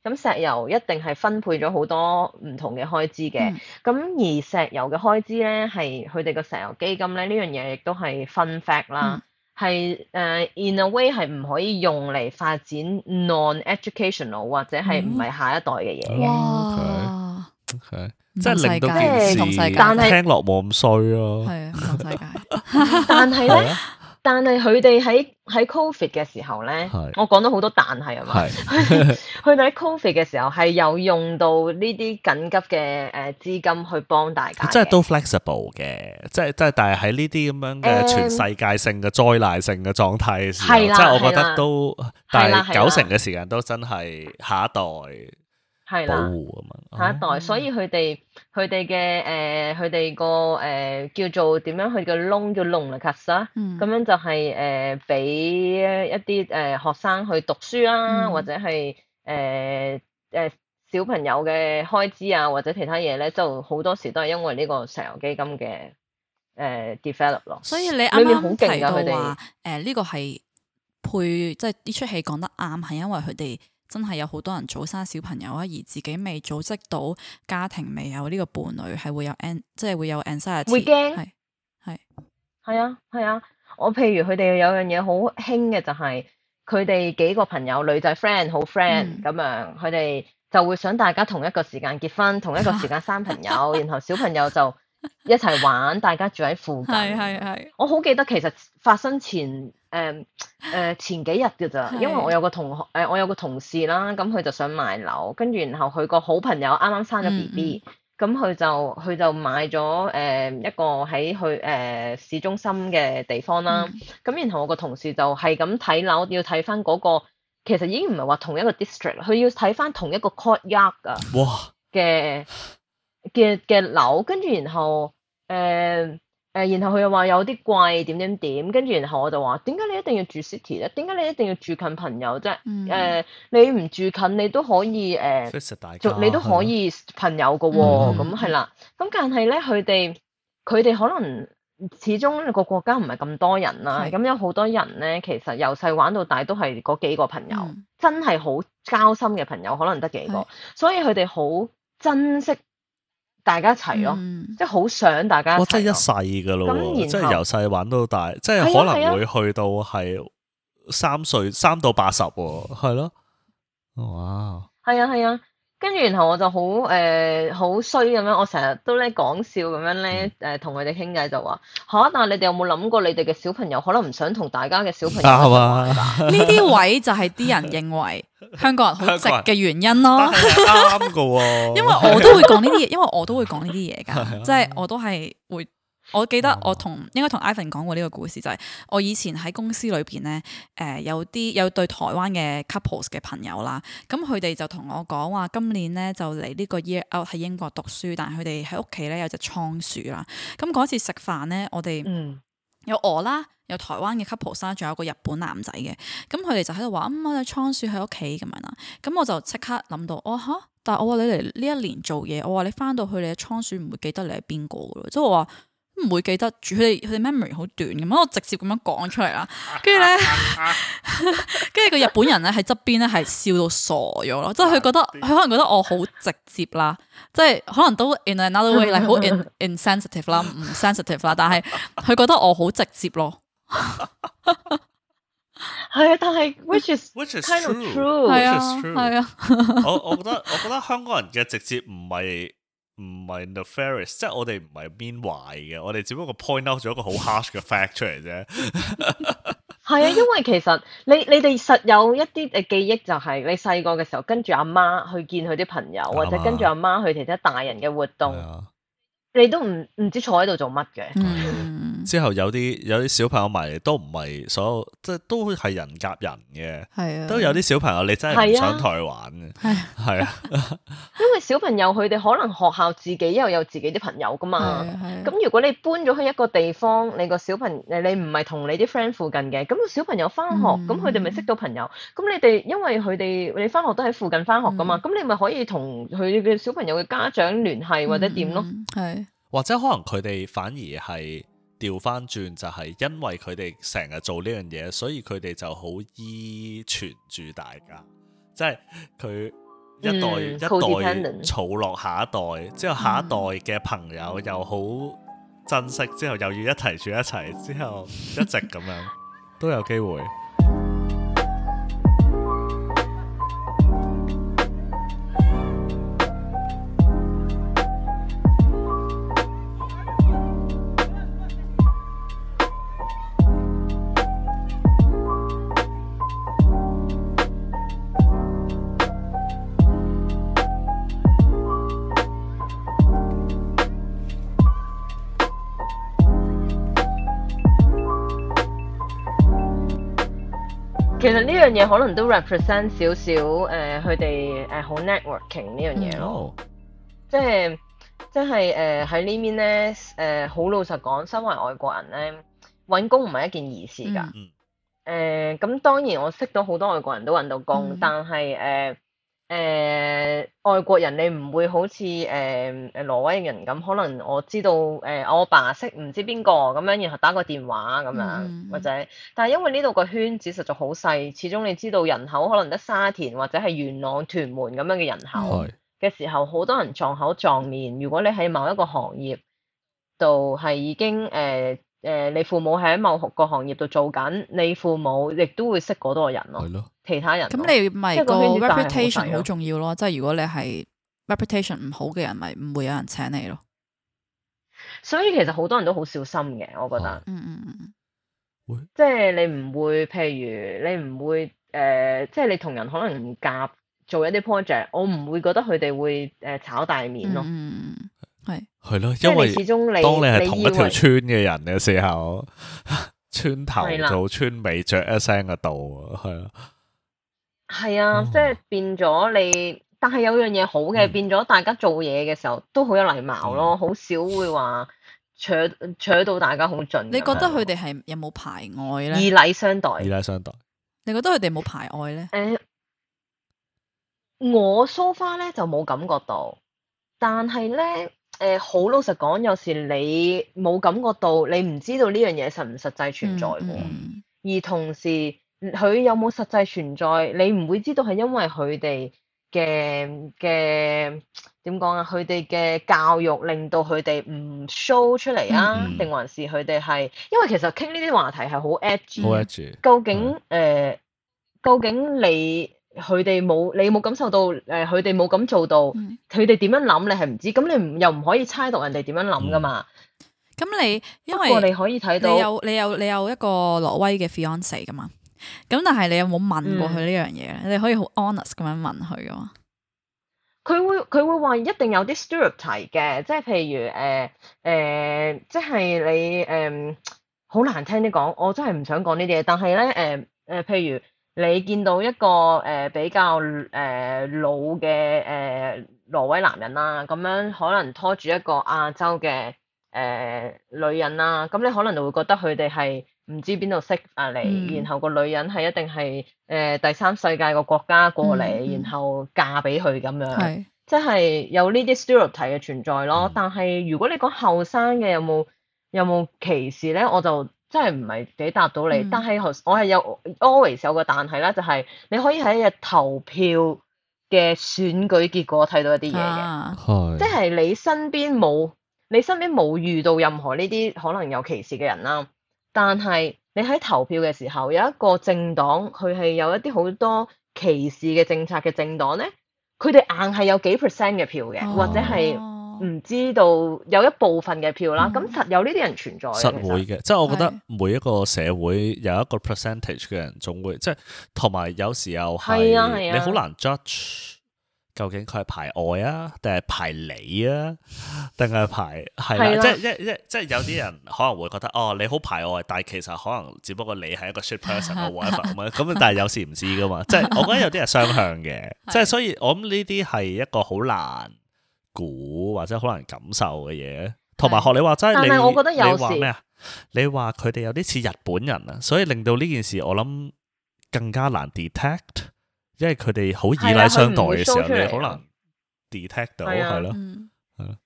咁石油一定係分配咗好多唔同嘅開支嘅，咁、嗯、而石油嘅開支咧係佢哋個石油基金咧呢樣嘢亦都係分發啦，係誒、嗯 uh, in a way 係唔可以用嚟發展 non-educational 或者係唔係下一代嘅嘢、嗯。哇！係即係令到件事，但係聽落冇咁衰咯。係啊，全世界，但係咧。 但係佢哋喺喺 Covid 嘅時候咧，是我講咗好多但係，係佢哋佢哋喺 Covid 嘅時候係有用到呢啲緊急嘅誒資金去幫大家，即係都 flexible 嘅，即係即係，但係喺呢啲咁樣嘅全世界性嘅災難性嘅狀態嘅時候，即係、嗯、我覺得都，但係的九成嘅時間都真係下一代。係啦，嘛下一代，啊、所以佢哋佢哋嘅誒，佢哋個誒叫做點樣？佢個窿叫窿嚟 cut 啊，咁樣就係誒俾一啲誒學生去讀書啦，或者係誒誒小朋友嘅開支啊，或者其他嘢咧，就好多時都係因為呢個石油基金嘅誒、呃、develop 咯。所以你啱啱提到佢哋話誒，呢個係配，即係呢出戲講得啱，係因為佢哋。真係有好多人早生小朋友啊，而自己未組織到家庭，未有呢個伴侶，係會有 an 即係會有 anxiety 會驚怕？係係啊係啊！我譬如佢哋有樣嘢好興嘅就係、是，佢哋幾個朋友女仔 friend 好 friend 咁樣，佢哋就會想大家同一個時間結婚，同一個時間生朋友， 然後小朋友就一齊玩，大家住喺附近。係係係。我好記得其實發生前。誒誒，um, uh, 前幾日嘅咋，因為我有個同學誒、呃，我有個同事啦，咁佢就想買樓，跟住然後佢個好朋友啱啱生咗 BB，咁佢就佢就買咗誒、呃、一個喺佢誒市中心嘅地方啦，咁、嗯、然後我個同事就係咁睇樓，要睇翻嗰個，其實已經唔係話同一個 district，佢要睇翻同一個 court yard 噶，哇嘅嘅嘅樓，跟住然後誒。呃誒，然後佢又話有啲貴，點點點，跟住然後我就話，點解你一定要住 city 咧？點解你一定要住近朋友啫？誒、嗯呃，你唔住近你都可以誒、呃，你都可以朋友噶喎、哦。咁係啦，咁但係咧，佢哋佢哋可能始終個國家唔係咁多人啦。咁有好多人咧，其實由細玩到大都係嗰幾個朋友，嗯、真係好交心嘅朋友，可能得幾個，是是所以佢哋好珍惜。大家一齊咯，嗯、即係好想大家。我真係一世㗎咯，即係由細玩到大，即係可能會去到係三歲三、啊啊、到八十，係咯，哇！係啊係啊。跟住，然後我就好誒好衰咁樣，我成日都咧講笑咁樣咧誒，同佢哋傾偈就話嚇、啊，但係你哋有冇諗過，你哋嘅小朋友可能唔想同大家嘅小朋友玩？呢啲位就係啲人認為香港人好直嘅原因咯，啱嘅喎。因為我都會講呢啲嘢，因為 我都會講呢啲嘢㗎，即係我都係會。我記得我同應該同 Ivan 講過呢個故事，就係、是、我以前喺公司裏邊咧，誒、呃、有啲有對台灣嘅 couples 嘅朋友啦，咁佢哋就同我講話，今年咧就嚟呢個 year out 喺英國讀書，但係佢哋喺屋企咧有隻倉鼠啦。咁嗰次食飯咧，我哋嗯有我啦，有台灣嘅 couples 啦，仲有個日本男仔嘅，咁佢哋就喺度話：嗯，我隻倉鼠喺屋企咁樣啦。咁我就即刻諗到，哦，嚇，但係我話你嚟呢一年做嘢，我話你返到去你嘅倉鼠唔會記得你係邊個嘅咯，即係我話。唔會記得住，佢哋佢哋 memory 好短咁，我直接咁樣講出嚟啦。跟住咧，跟住個日本人咧喺側邊咧係笑到傻咗咯， 即係佢覺得佢 可能覺得我好直接啦，即係可能都 in another way 嚟，好 in insensitive 啦，唔 sensitive 啦，但係佢覺得我好直接咯。係， 但係 which is which is kind of true 係啊係啊。我我覺得我覺得香港人嘅直接唔係。唔係 nefarious, 即係我哋唔係邊壞嘅，我哋只不過 point out 咗一個好 harsh 嘅 fact 出嚟啫。係 啊，因為其實你你哋實有一啲嘅記憶，就係你細個嘅時候，跟住阿媽去見佢啲朋友，或者跟住阿媽去其他大人嘅活動。嗯啊嗯啊你都唔唔知坐喺度做乜嘅。嗯、之後有啲有啲小朋友埋嚟都唔係所有，即係都係人夾人嘅。係啊，都有啲小朋友你真係唔上台玩嘅。係啊，啊 因為小朋友佢哋可能學校自己又有自己啲朋友㗎嘛。咁、啊啊、如果你搬咗去一個地方，你個小朋友你唔係同你啲 friend 附近嘅，咁個小朋友返學咁佢哋咪識到朋友。咁你哋因為佢哋你返學都喺附近返學㗎嘛，咁、嗯、你咪可以同佢哋小朋友嘅家長聯繫或者點咯。係、嗯。或者可能佢哋反而係掉返轉，就係因為佢哋成日做呢樣嘢，所以佢哋就好依存住大家。即係佢一代、嗯、一代儲落下一代，之、嗯、後下一代嘅朋友又好珍惜，之後又要一齊住一齊，之後一直咁樣 都有機會。呢樣嘢可能都 represent 少少誒，佢哋誒好 networking 呢樣嘢咯。即係即係誒喺呢邊咧誒，好、呃、老實講，身為外，外國人咧，揾工唔係一件易事㗎。誒咁、mm hmm. 呃嗯、當然我識到好多外國人都揾到工，mm hmm. 但係誒。呃誒、呃，外國人你唔會好似誒誒挪威人咁，可能我知道誒、呃，我爸識唔知邊個咁樣，然後打個電話咁樣，嗯、或者，但係因為呢度個圈子實在好細，始終你知道人口可能得沙田或者係元朗屯門咁樣嘅人口嘅是時候，好多人撞口撞面。如果你喺某一個行業度係已經誒誒、呃呃，你父母喺某個行業度做緊，你父母亦都會識嗰多個人咯。其他人咁你咪個 reputation 好重要咯，即係如果你係 reputation 唔好嘅人，咪唔會有人請你咯。所以其實好多人都好小心嘅，我覺得，嗯嗯、啊、嗯，即係你唔會，譬如你唔會，誒、呃，即係你同人可能唔夾、嗯、做一啲 project，我唔會覺得佢哋會誒炒大面咯，係係咯，因為始終你當你係同一條村嘅人嘅時候，嗯、 村頭做村尾着一聲嘅度。係啊、嗯。係啊，哦、即係變咗你，但係有樣嘢好嘅，嗯、變咗大家做嘢嘅時候都好有禮貌咯，好、嗯、少會話搶搶到大家好盡。你覺得佢哋係有冇排外咧？以禮相待。以禮相待。你覺得佢哋冇排外咧？誒、呃，我梳花咧就冇感覺到，但係咧誒，好、呃、老實講，有時你冇感覺到，你唔知道呢樣嘢實唔實際存在喎，嗯嗯、而同時。佢有冇實際存在？你唔會知道係，因為佢哋嘅，嘅點講啊？佢哋嘅教育令到佢哋唔 show 出嚟啊？定、嗯、還是佢哋係因為其實傾呢啲話題係好 edgy 嘅，究竟誒、嗯呃，究竟你佢哋冇你冇感受到誒？佢哋冇咁做到，佢哋點樣諗你係唔知？咁你唔又唔可以猜度人哋點樣諗噶嘛？咁、嗯、你因為不過你可以睇到你有你有你有，你有一個挪威嘅 fiance 噶嘛？咁但係你有冇問過佢呢樣嘢？你可以好 honest 咁樣問佢噶。佢會佢會話一定有啲 stereotype 嘅，即係譬如誒誒、呃，即係你誒，好、呃、難聽啲講，我真係唔想講呢啲嘢。但係咧誒誒，譬如你見到一個誒、呃、比較誒、呃、老嘅誒、呃、挪威男人啦，咁樣可能拖住一個亞洲嘅誒、呃、女人啦，咁你可能就會覺得佢哋係。唔知邊度識啊？你，嗯、然後個女人係一定係誒、呃、第三世界個國家過嚟，嗯嗯、然後嫁俾佢咁樣，是即係有呢啲 stereotype 嘅存在咯。嗯、但係如果你講後生嘅有冇有冇歧視咧，我就真係唔係幾答到你。嗯、但係我係有 always 有個但係啦，就係、是、你可以喺日投票嘅選舉結果睇到一啲嘢嘅，即係、啊嗯、你身邊冇你身邊冇遇到任何呢啲可能有歧視嘅人啦。但係你喺投票嘅時候，有一個政黨佢係有一啲好多歧視嘅政策嘅政黨咧，佢哋硬係有幾 percent 嘅票嘅，啊、或者係唔知道有一部分嘅票啦。咁、嗯、實有呢啲人存在實會嘅，其實即係我覺得每一個社會有一個 percentage 嘅人總會即係同埋有時候係你好難 judge。究竟佢係排外啊，定係排你啊，定係排係啦？的即係即係即係，即有啲人可能會覺得 哦，你好排外，但係其實可能只不過你係一個 shit person 咁樣，咁但係有時唔知噶嘛？即係 我覺得有啲係雙向嘅， 的即係所以我諗呢啲係一個好難估或者好難感受嘅嘢，同埋學你話齋，你話咩啊？你話佢哋有啲似日本人啊，所以令到呢件事我諗更加難 detect。因為佢哋好以禮相待嘅時候，你可能 detect 到係咯，係咯。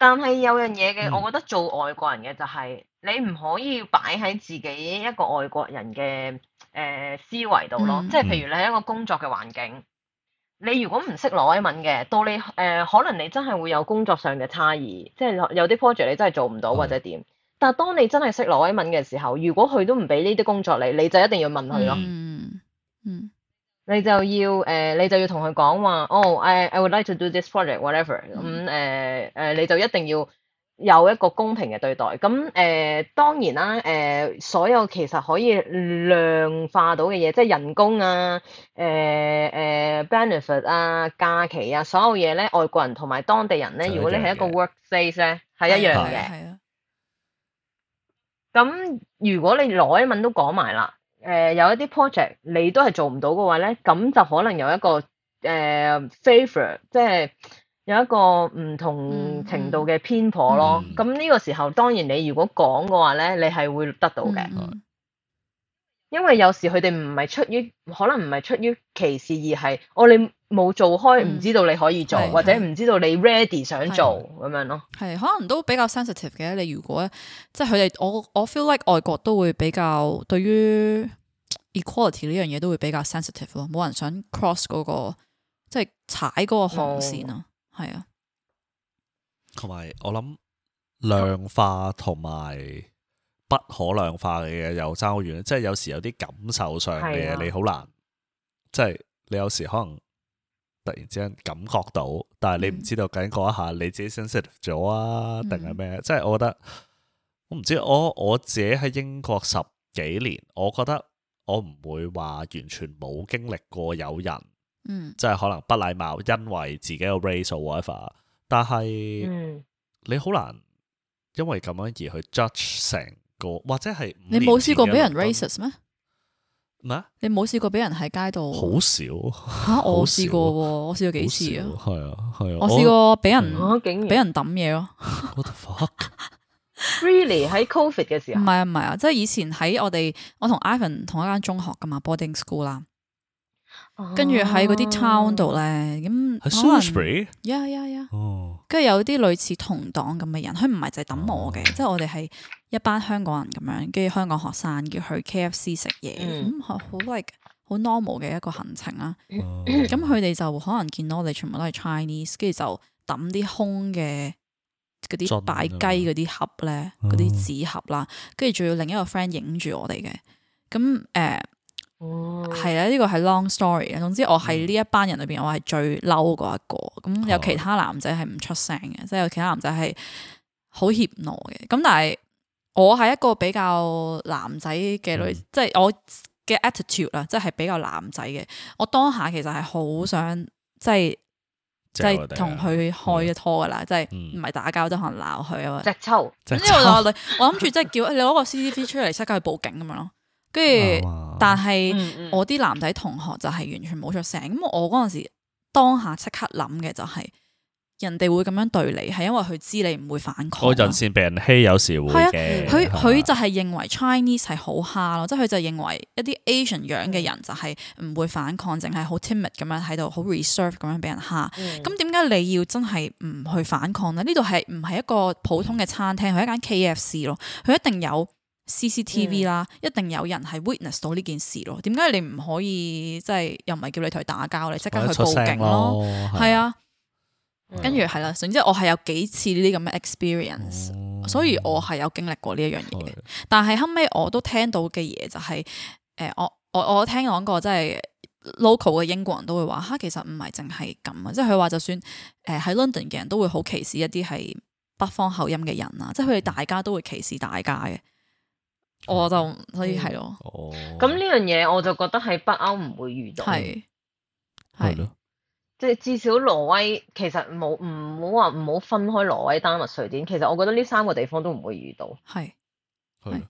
但係有樣嘢嘅，我覺得做外國人嘅就係、是，嗯、你唔可以擺喺自己一個外國人嘅誒、呃、思維度咯。即係譬如你喺一個工作嘅環境，嗯、你如果唔識挪威文嘅，到你誒、呃、可能你真係會有工作上嘅差異，即係有啲 project 你真係做唔到或者點。嗯、但係當你真係識挪威文嘅時候，如果佢都唔俾呢啲工作你，你就一定要問佢咯。嗯。嗯。你就要誒、呃，你就要同佢講話，哦，I, I would like to do this project whatever。咁誒誒，你就一定要有一個公平嘅對待。咁誒、呃，當然啦，誒、呃，所有其實可以量化到嘅嘢，即係人工啊，誒、呃、誒、呃，benefit 啊，假期啊，所有嘢咧，外國人同埋當地人咧，如果你係一個 workplace 咧，係一樣嘅。係啊。咁如果你攞一文都講埋啦。誒、呃、有一啲 project 你都係做唔到嘅話咧，咁就可能有一個誒、呃、favor，即係有一個唔同程度嘅偏頗咯。咁呢、嗯嗯、個時候當然你如果講嘅話咧，你係會得到嘅，嗯嗯、因為有時佢哋唔係出於可能唔係出於歧視，而係哦你冇做開，唔知道你可以做，嗯、或者唔知道你 ready 想做咁樣咯。係可能都比較 sensitive 嘅。你如果即係佢哋，我我 feel like 外國都會比較對於。equality 呢樣嘢都會比較 sensitive 咯，冇人想 cross 嗰、那個、嗯、即係踩嗰個紅線、哦、啊，係啊。同埋我諗量化同埋不可量化嘅嘢又爭好遠，即、就、係、是、有時有啲感受上嘅嘢你好、啊、難，即、就、係、是、你有時可能突然之間感覺到，但係你唔知道感覺一下你自己 sensitive 咗啊、嗯，定係咩？嗯、即係我覺得我唔知，我，我，我自己喺英國十幾年，我覺得。我唔會話完全冇經歷過有人，嗯、即係可能不禮貌，因為自己嘅 racial whatever 但。但係、嗯、你好難，因為咁樣而去 judge 成個，或者係你冇試過俾人 racist 咩麼？咩？你冇試過俾人喺街度？好少吓，我試過喎，少我試過幾次啊？係啊係啊，啊我試過俾人俾、啊、人抌嘢咯。 Really 喺 Covid 嘅時候，唔係 啊，唔係啊，即、就、係、是、以前喺我哋，我同 Ivan 同一間中學噶嘛，boarding school 啦，oh. 跟住喺嗰啲 town 度咧，咁、嗯、Sussex 呀呀呀，跟住有啲類似同黨咁嘅人，佢唔係就係等我嘅，oh. 即係我哋係一班香港人咁樣，跟住香港學生叫去 KFC 食嘢，咁好、mm. 嗯、like 好 normal 嘅一個行程啦，咁佢哋就可能見到我哋全部都係 Chinese，跟住就抌啲空嘅。嗰啲擺雞嗰啲盒咧，嗰啲紙盒啦，跟住仲要另一個 friend 影住我哋嘅，咁誒，係、呃、啦、呢、哦啊，呢個係 long story 啊。總之我係呢一班人裏邊，我係最嬲嗰一個。咁有其他男仔係唔出聲嘅，哦、即係有其他男仔係好怯懦嘅。咁但係我係一個比較男仔嘅女，嗯、即係我嘅 attitude 啊，即係比較男仔嘅。我當下其實係好想即係。即係同佢開一拖噶啦，即係唔係打交都、嗯、可能鬧佢啊嘛，直抽臭。總之我我諗住即係叫 你攞個 C C T V 出嚟，即刻去報警咁樣咯。跟住，但係我啲男仔同學就係完全冇出聲。咁我嗰陣時當下即刻諗嘅就係、是。人哋會咁樣對你，係因為佢知你唔會反抗。個人善被人欺，有時會嘅。佢佢、啊、吧就係認為 Chinese 係好蝦咯，即係佢就認為一啲 Asian 樣嘅人就係唔會反抗，淨係好 timid 咁樣喺度，好 reserve 咁樣俾人蝦。咁點解你要真係唔去反抗咧？呢度係唔係一個普通嘅餐廳？佢一間 KFC 咯，佢一定有 CCTV 啦、嗯，一定有人係 witness 到呢件事咯。點解你唔可以即係又唔係叫你同佢打交，你即刻去報警咯？係啊。嗯、跟住係啦，總之我係有幾次呢啲咁嘅 experience，、嗯、所以我係有經歷過呢一樣嘢嘅。嗯、但係後尾我都聽到嘅嘢就係、是，誒、呃、我我我聽講過、就是，即係 local 嘅英國人都會話，吓其實唔係淨係咁啊，即係佢話就算誒喺 London 嘅人都會好歧視一啲係北方口音嘅人啊，即係佢哋大家都會歧視大家嘅。嗯、我就所以係咯，咁呢樣嘢我就覺得喺北歐唔會遇到，係係即係至少挪威其實冇唔好話唔好分開挪威丹麥瑞典，其實我覺得呢三個地方都唔會遇到。係係。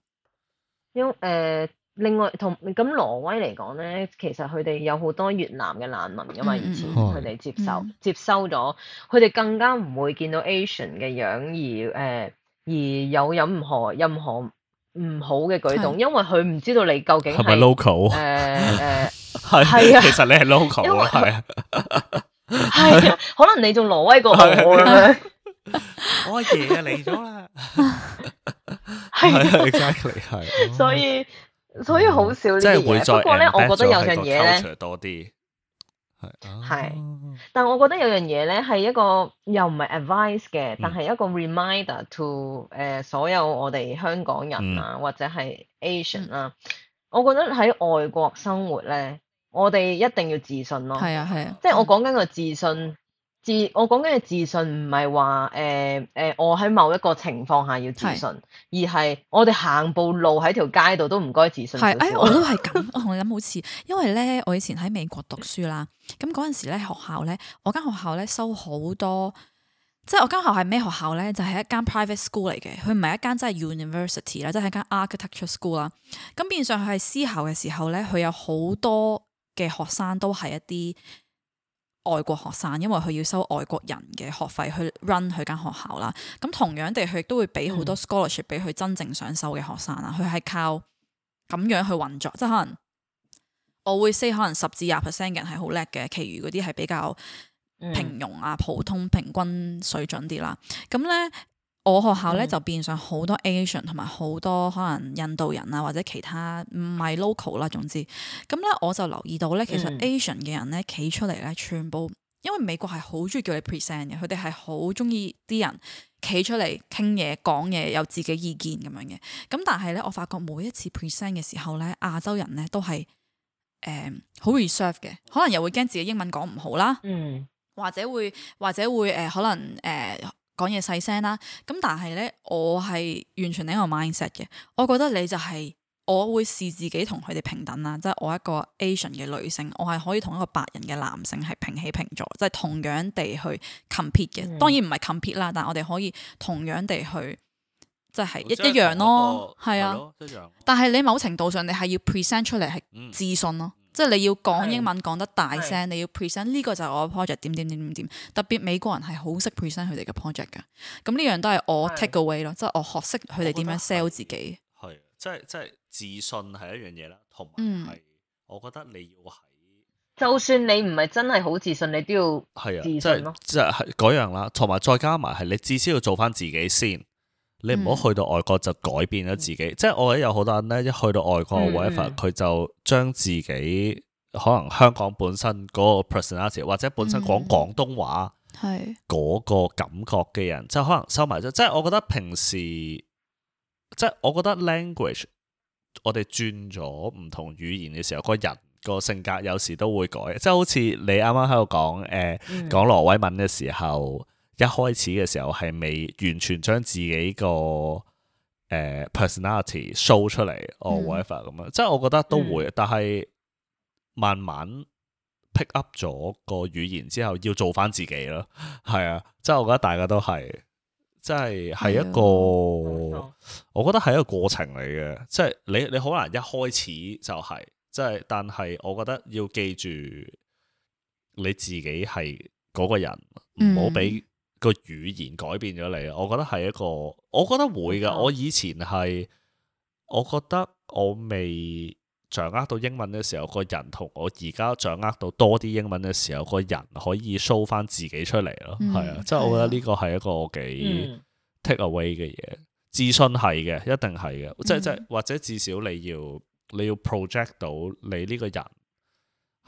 因誒、呃、另外同咁挪威嚟講咧，其實佢哋有好多越南嘅難民噶嘛，以前佢哋接受、嗯、接收咗，佢哋更加唔會見到 Asian 嘅樣，而誒、呃、而有任何任何。唔好嘅舉動，因為佢唔知道你究竟係咪 local。誒誒，係啊，其實你係 local 係啊，係啊，可能你仲挪威過去。咁樣。我爺嚟咗啦，係真係，係所以所以好少，即係會再。不過咧，我覺得有樣嘢咧，係、啊，但係我覺得有樣嘢咧，係一個又唔係 advice 嘅，但係一個 reminder to 誒、呃、所有我哋香港人啊，嗯、或者係 Asian 啦、啊。我覺得喺外國生活咧，我哋一定要自信咯。係啊，係啊，啊即係我講緊個自信。嗯自我講緊嘅自信唔係話誒誒，我喺某一個情況下要自信，是而係我哋行步路喺條街度都唔該自信點點。係，哎，我都係咁。 我同你諗好似，因為咧，我以前喺美國讀書啦，咁嗰陣時咧，學校咧，我間學校咧收好多，即係我間學校係咩學校咧？就係、是、一間 private school 嚟嘅，佢唔係一間真係 university 啦，即係一間 architecture school 啦。咁變相佢係私校嘅時候咧，佢有好多嘅學生都係一啲。外國學生，因為佢要收外國人嘅學費去 run 佢間學校啦，咁同樣地佢亦都會俾好多 scholarship 俾佢真正想收嘅學生啦，佢係、嗯、靠咁樣去運作，即係可能我會 say 可能十至廿 percent 嘅人係好叻嘅，其餘嗰啲係比較平庸啊、嗯、普通、平均水準啲啦，咁、嗯、咧。我學校咧就變上好多 Asian 同埋好多可能印度人啊或者其他唔係 local 啦，總之咁咧我就留意到咧，其實 Asian 嘅人咧企出嚟咧，全部、嗯、因為美國係好鍾意叫你 present 嘅，佢哋係好鍾意啲人企出嚟傾嘢、講嘢、有自己意見咁樣嘅。咁但係咧，我發覺每一次 present 嘅時候咧，亞洲人咧都係誒好、呃、reserve 嘅，可能又會驚自己英文講唔好啦，嗯、或者會，或者會或者會誒可能誒。呃講嘢細聲啦，咁但係咧，我係完全另一個 mindset 嘅，我覺得你就係、是、我會視自己同佢哋平等啦，即、就、係、是、我一個 Asian 嘅女性，我係可以同一個白人嘅男性係平起平坐，即、就、係、是、同樣地去 compete 嘅，嗯、當然唔係 compete 啦，但係我哋可以同樣地去，即係一一樣咯，係、嗯、啊，一樣、嗯。但係你某程度上你係要 present 出嚟係自信咯。嗯即係你要講英文講得大聲，你要 present 呢個就係我嘅 project 點點點點點。特別美國人係好識 present 佢哋嘅 project 噶，咁呢樣都係我 take away 咯，即係我學識佢哋點樣 sell 自己。係，即係即係自信係一樣嘢啦，同埋我覺得你要喺就算你唔係真係好自信，你都要自信咯，即係嗰樣啦。同埋再加埋係你至少要做翻自己先。你唔好去到外國就改變咗自己，嗯、即係我覺得有好多人咧一去到外國 whatever 佢就將自己可能香港本身嗰個 personality 或者本身講廣東話係嗰個感覺嘅人，即係、嗯、可能收埋咗。是即係我覺得平時即係我覺得 language，我哋轉咗唔同語言嘅時候，個人個性格有時都會改。即係好似你啱啱喺度講誒講挪威文嘅時候一開始嘅時候係未完全將自己個誒、呃、personality show 出嚟 or、mm hmm. 哦、whatever 咁啊，即係我覺得都會，mm hmm. 但係慢慢 pick up 咗個語言之後，要做翻自己咯。係啊，即係我覺得大家都係，即係係一個，Yeah. 我覺得係一個過程嚟嘅。即係你你好難一開始就係、是，即係但係我覺得要記住你自己係嗰個人，唔好俾，Hmm. 個語言改變咗你，我覺得係一個，我覺得會嘅。我以前係，我覺得我未掌握到英文嘅時候個人，同我而家掌握到多啲英文嘅時候個人可以 show 翻自己出嚟咯。係、嗯、啊，即係、啊、我覺得呢個係一個幾 take away 嘅嘢。嗯、自信係嘅，一定係嘅、嗯。即係即係，或者至少你要你要 project 到你呢個人。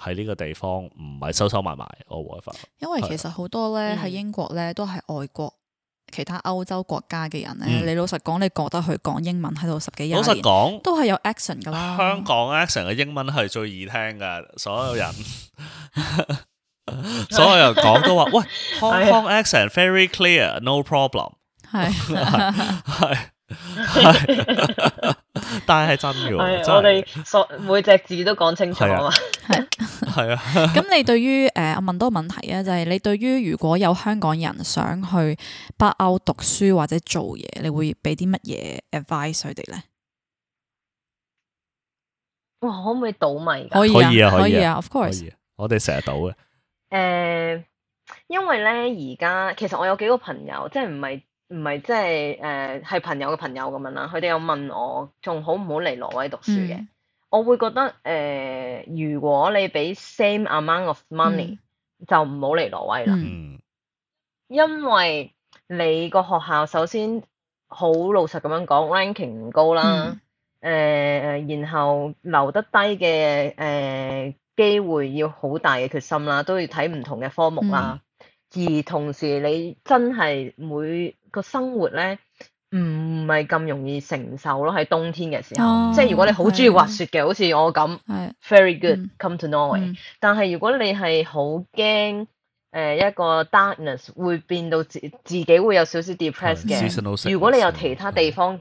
喺呢個地方唔係收收埋埋，埋，我話翻。因為其實好多呢，喺、嗯、英國呢，都係外國其他歐洲國家嘅人呢。嗯、你老實講，你覺得佢講英文喺度十幾十，老實講都係有 accent 噶啦。啊、香港 accent 嘅英文係最易聽嘅，所有人， 所有人講都話，喂，Hong Kong accent very clear，no problem，係係。係， 但係真嘅，我哋所每隻字都講清楚啊嘛，係啊。咁你對於誒、呃，我問多個問題啊，就係、是、你對於如果有香港人想去北歐讀書或者做嘢，你會俾啲乜嘢 advice 佢哋咧？哇，可唔可以倒咪？可以啊，可以啊，of course，啊我哋成日倒嘅。誒、呃，因為咧而家其實我有幾個朋友，即係唔係。唔係即係誒係朋友嘅朋友咁樣啦，佢哋有問我仲好唔好嚟挪威讀書嘅？嗯、我會覺得誒、呃，如果你俾 same amount of money，嗯、就唔好嚟挪威啦。嗯、因為你個學校首先好老實咁樣講 ranking 唔高啦，誒、嗯呃，然後留得低嘅誒、呃、機會要好大嘅決心啦，都要睇唔同嘅科目啦。嗯而同時，你真係每個生活咧，唔係咁容易承受咯。喺冬天嘅時候，即係如果你好中意滑雪嘅，好似我咁，Very good come to Norway。但係如果你係好驚誒一個 darkness 會變到自自己會有少少 depressed 嘅。如果你有其他地方，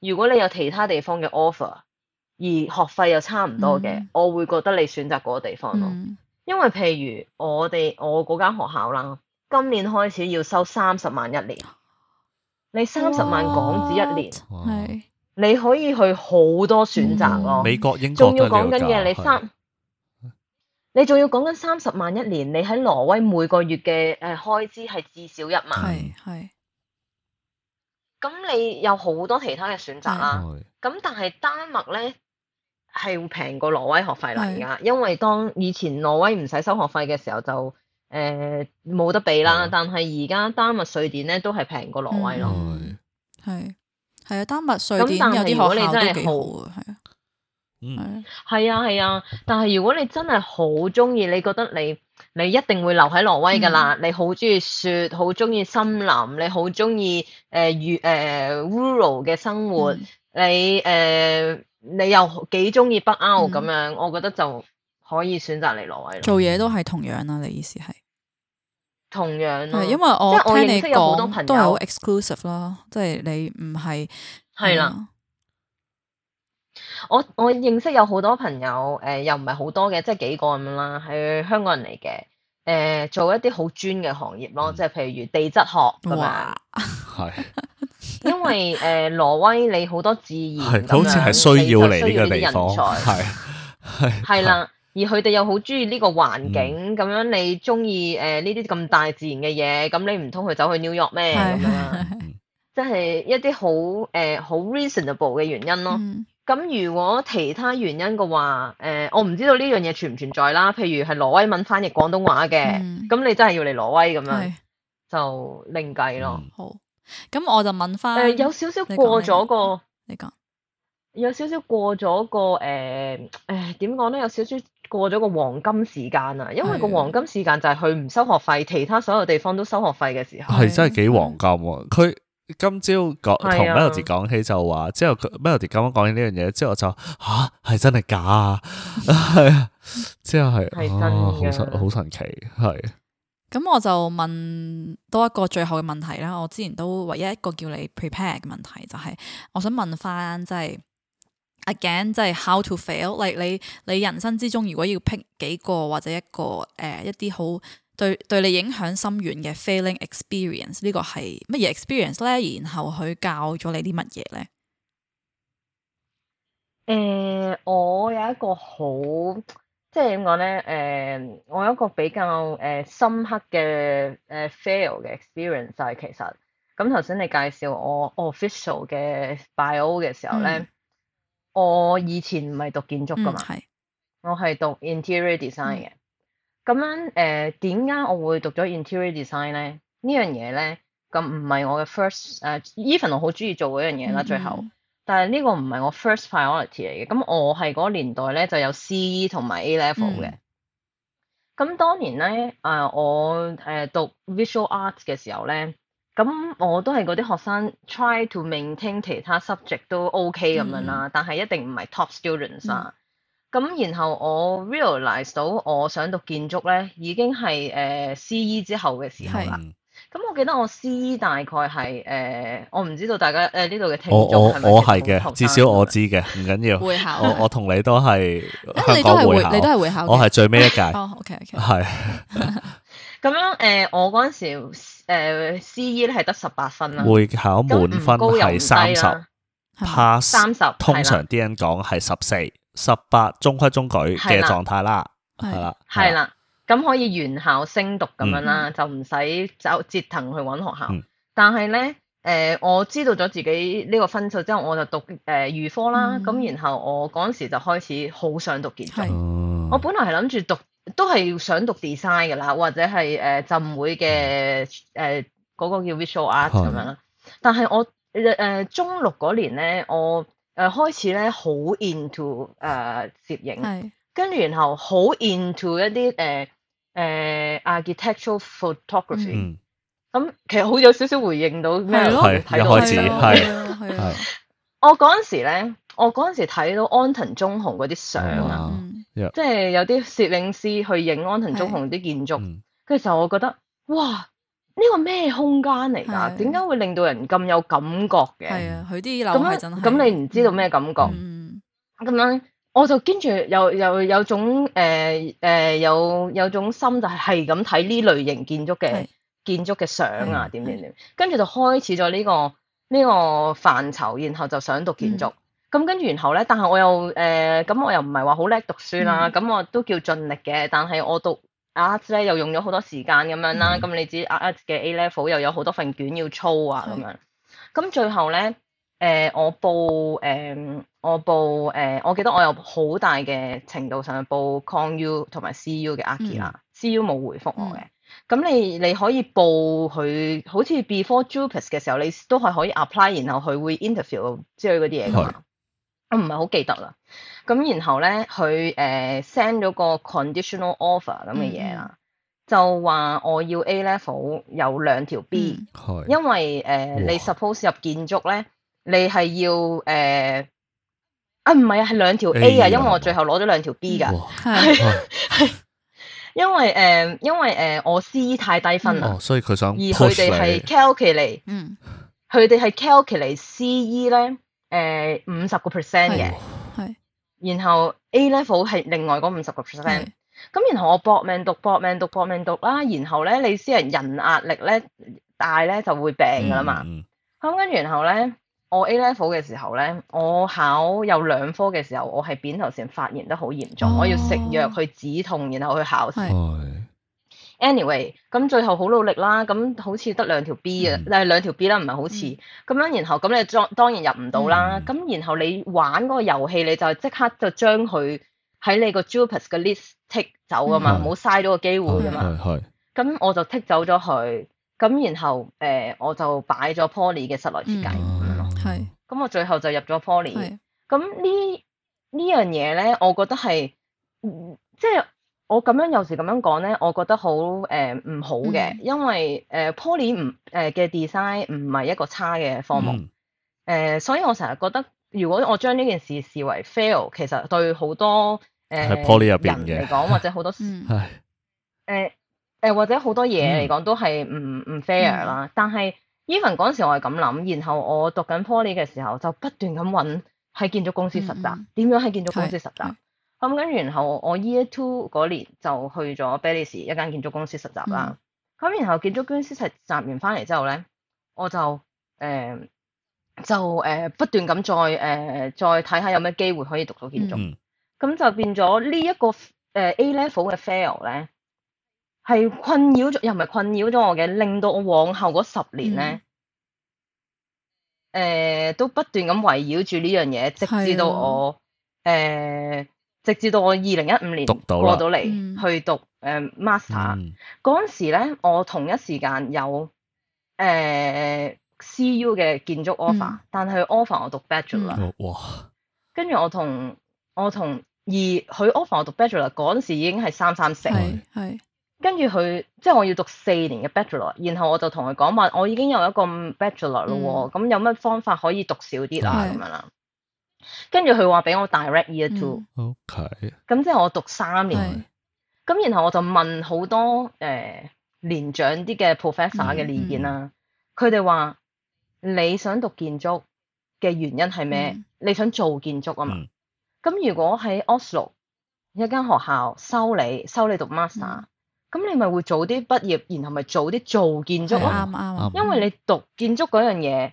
如果你有其他地方嘅 offer，而學費又差唔多嘅，我會覺得你選擇嗰個地方咯。因為譬如我哋我嗰間學校啦，今年開始要收三十萬一年，你三十萬港紙一年，係哇你可以去好多選擇咯、哦。美國、英國，仲要講緊嘅，你三，的你仲要講緊三十萬一年，你喺挪威每個月嘅誒開支係至少一萬，係。咁你有好多其他嘅選擇啦，咁但係丹麥咧。係會平過挪威學費啦而家，因為當以前挪威唔使收學費嘅時候就誒冇、呃、得俾啦。嗯、但係而家丹麥、瑞典咧都係平過挪威咯、嗯。係係啊，丹麥、瑞典但但有啲學校都幾好，好。係啊，係、嗯、啊，係啊，啊。但係如果你真係好中意，你覺得你你一定會留喺挪威噶啦。嗯、你好中意雪，好中意森林，你好中意誒越誒 rural 嘅生活，嗯、你誒。呃呃你又幾中意北歐咁樣？嗯、我覺得就可以選擇嚟挪威咯。做嘢都係同樣啦，你意思係同樣？係因為我即係我，我認識有好多朋友，都係好 exclusive 啦，即係你唔係係啦。我我認識有好多朋友，誒、呃，又唔係好多嘅，即係幾個咁樣啦，係香港人嚟嘅，誒、呃，做一啲好專嘅行業咯，即係譬如地質學，係哇。 因為誒，挪威你好多自然好似係需要你呢樣嘅人才，係係啦。而佢哋又好中意呢個環境，咁樣你中意誒呢啲咁大自然嘅嘢，咁你唔通去走去 New York 咩咁樣？即係一啲好誒好 reasonable 嘅原因咯。咁如果其他原因嘅話，誒我唔知道呢樣嘢存唔存在啦。譬如係挪威文翻譯廣東話嘅，咁你真係要嚟挪威咁樣，就另計咯。好。咁我就問翻，誒，有少少過咗個，你講，有少少過咗個，誒，誒，點講咧？有少少過咗個黃金時間啊，因為個黃金時間就係佢唔收學費，其他所有地方都收學費嘅時候，係真係幾黃金啊！佢的今朝講同 Melody 講起就話的，之後 Melody 咁樣講起呢樣嘢，之後我就吓係真係假啊！係 啊，之後係，係真好神好神奇，係。咁我就問多一個最後嘅問題啦。我之前都唯一一個叫你 prepare 嘅問題，就是，就係我想問翻，即、就、係、是、again，即係 how to fail、like, 例你你人生之中如果要 pick 幾個或者一個誒、呃、一啲好對對你影響深遠嘅 failing experience，個 ex 呢個係乜嘢 experience 咧？然後佢教咗你啲乜嘢咧？誒、嗯，我有一個好。即係點講咧？誒、呃，我有一個比較誒、呃、深刻嘅誒、呃、fail 嘅 experience 就係其實咁頭先你介紹我 official 嘅 bio 嘅時候咧，嗯、我以前唔係讀建築噶嘛，嗯、我係讀 interior design 嘅。咁、嗯、樣誒點解我會讀咗 interior design 咧？樣呢 first,、uh, 樣嘢咧咁唔係我嘅 first 誒，even 我好中意做嗰樣嘢啦，嗯、最後。但係呢個唔係我 first priority 嚟嘅，咁我係嗰年代咧就有 CE 同埋 A level 嘅。咁、嗯、當年咧，啊、呃、我誒、呃、讀 visual art 嘅時候咧，咁我都係嗰啲學生 try to maintain 其他 subject 都 OK 咁樣啦，嗯、但係一定唔係 top students 啊。咁、嗯、然後我 realize 到我想讀建築咧，已經係誒、呃、CE 之後嘅時候啦。嗯嗯咁我記得我 C E 大概係誒，我唔知道大家誒呢度嘅聽眾係咪？我我我係嘅，至少我知嘅，唔緊要。會考我同你都係香港會考。你都係會考，我係最尾一屆。OK k 係。咁樣誒，我嗰陣時 C E 咧係得十八分啦。會考滿分係三十，怕三十。通常啲人講係十四、十八，中規中矩嘅狀態啦，係啦。係啦。咁可以原校升讀咁樣啦，嗯、就唔使走折騰去揾學校。嗯、但係咧，誒、呃、我知道咗自己呢個分數之後，我就讀誒預、呃、科啦。咁、嗯、然後我嗰陣時就開始好想讀建築。是我本來係諗住讀，都係想讀 design 嘅啦，或者係誒、呃、浸會嘅誒嗰個叫 visual arts 咁呵樣啦。但係我誒、呃、中六嗰年咧，我誒、呃、開始咧好 into 誒、uh, 攝影，跟住是 然後好 into 一啲誒。欸誒 architectural photography，咁其實好有少少回應到咩？係，開始係係。我嗰陣時咧，我嗰陣時睇到安藤忠雄嗰啲相啊，即係有啲攝影師去影安藤忠雄啲建築。其實我覺得，哇！呢個咩空間嚟噶？點解會令到人咁有感覺嘅？係啊，佢啲樓係真係。咁你唔知道咩感覺？嗯，咁樣。我就跟住有有有種誒誒、呃呃、有有種心就係係咁睇呢類型建築嘅是建築嘅相啊點點點，跟住就開始咗呢、這個呢、這個範疇，然後就想讀建築。咁、嗯、跟住然後咧，但係我又誒咁、呃、我又唔係話好叻讀書啦，咁、嗯、我都叫盡力嘅。但係我讀 Arts 咧又用咗好多時間咁樣啦。咁、嗯、你知 Arts 嘅 A. Level 又有好多份卷要操啊咁樣。咁最後咧，誒我報誒。嗯我報誒、呃，我記得我有好大嘅程度上報 ConU 同埋 CU 嘅 arch 啦，CU 冇回覆我嘅。咁、嗯、你你可以報佢，好似 before JUPAS 嘅時候，你都係可以 apply，然後佢會 interview 之類嗰啲嘢嘛。我唔係好記得啦。咁然後咧，佢誒、呃、send 咗個 conditional offer 咁嘅嘢啦，嗯、就話我要 A level 有兩條 B、嗯、因為誒、呃、你 suppose 入建築咧，你係要誒。呃啊，唔係啊，係兩條 A 啊，因為我最後攞咗兩條 B 噶，係，係，因為誒、呃，因為誒、呃，我 CE 太低分啦、哦，所以佢想而 push, 你，而佢哋係 calculate，嗯，佢哋係 calculate CE 咧，誒，五十個 percent 嘅，係、哦，然後 A level 係另外嗰五十個 percent，咁然後我搏命讀，搏命讀，搏命讀啦，然後咧，你雖然人壓力咧大咧就會病噶啦嘛，咁跟、嗯、然後咧。我 A level 嘅時候咧，我考有兩科嘅時候，我係扁桃腺發炎得好嚴重，我要食藥去止痛，然後去考試。哦、anyway，咁最後好努力啦，咁好似得兩條 B 啊，係兩條 B 啦，唔係好似咁樣。然後咁你當當然入唔到啦。咁、嗯、然後你玩嗰個遊戲，你就即刻就將佢喺你個 JUPAS 嘅 list 剔走啊嘛，冇嘥咗個機會啊嘛。係係、嗯。咁、哦哦、我就剔走咗佢，咁然後誒、呃、我就擺咗 Poly 嘅室內設計。嗯嗯嗯係，咁、嗯、我最後就入咗 poly，咁呢呢樣嘢咧，我覺得係，即、嗯、係、就是、我咁樣有時咁樣講咧，我覺得、呃、好誒唔好嘅，嗯、因為誒、呃、poly 唔誒嘅、呃、design 唔係一個差嘅科目，誒、嗯呃，所以我成日覺得如果我將呢件事視為 fail，其實對好多誒 poly 入邊嘅人嚟講或者好多事，係，誒誒或者好多嘢嚟講都係唔唔 fair 啦，但係。Even 嗰時我係咁諗，然後我讀緊 Poly 嘅時候就不斷咁揾喺建築公司實習，點樣喺建築公司實習咁。跟住然後我 year two 嗰年就去咗 Berliss 一間建築公司實習啦。咁然後建築公司實習完翻嚟之後咧，我就誒就誒不斷咁再誒再睇下有咩機會可以讀到建築。咁就變咗呢一個誒 A level 嘅 fail 咧。係困擾咗，又唔係困擾咗我嘅，令到我往後嗰十年咧，誒，都不斷咁圍繞住呢樣嘢，直至到我，誒，直至到我二零一五年過到嚟，去讀誒 master，嗰陣時咧，我同一時間有誒 CU 嘅建築 offer，但係 offer 我讀 bachelor，哇！跟住我同我同二，佢 offer 我讀 bachelor，嗰陣時已經係三三四。跟住佢，即係我要讀四年嘅 Bachelor，然後我就同佢講話我已經有一個 Bachelor 咯，咁、嗯嗯、有乜方法可以讀少啲啊？咁樣啦。跟住佢話俾我 Direct year two，OK、嗯。咁即係我讀三年。咁是然後我就問好多誒、呃、年長啲嘅 Professor 嘅意見啦。佢哋話，你想讀建築嘅原因係咩？嗯、你想做建築啊嘛。咁、嗯、如果喺 Oslo 一間學校收你，收你讀 Master。咁你咪會早啲畢業，然後咪早啲做建築咯。啱啱啊！因為你讀建築嗰樣嘢，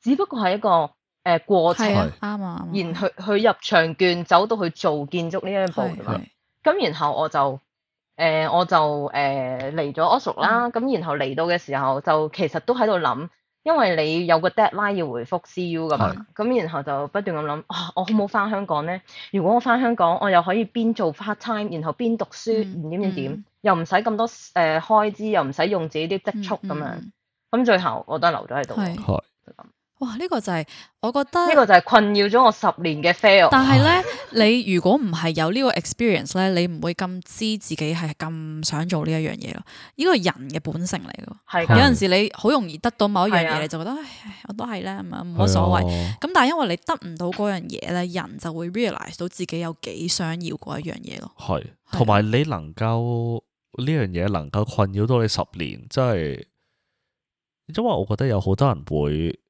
只不過係一個誒過程。啱啊！然後去入場券走到去做建築呢一步噶嘛。咁然後我就誒，我就誒嚟咗 Oslo 啦。咁然後嚟到嘅時候就其實都喺度諗。因為你有個 deadline 要回覆 CU 咁，咁是然後就不斷咁諗，哇、哦！我好唔好翻香港咧？嗯、如果我翻香港，我又可以邊做 part time，然後邊讀書，唔點點點，又唔使咁多誒、呃、開支，又唔使用，用自己啲積蓄咁樣，咁最後我都留咗喺度。是哇！呢、這個就係、是、我覺得呢個就係困擾咗我十年嘅 fail。但係唉呢，你如果唔係有呢個 experience 呢，你唔會咁知自己係咁想做呢一樣嘢咯。呢個人嘅本性嚟嘅，的有陣時你好容易得到某一樣嘢，的你就覺得我都係咧，咁啊，冇所謂。咁的但係因為你得唔到嗰樣嘢呢，人就會 realise 到自己有幾想要嗰一樣嘢咯。係的，同埋的你能夠呢樣嘢能夠困擾到你十年，即、就、係、是，因為我覺得有好多人會。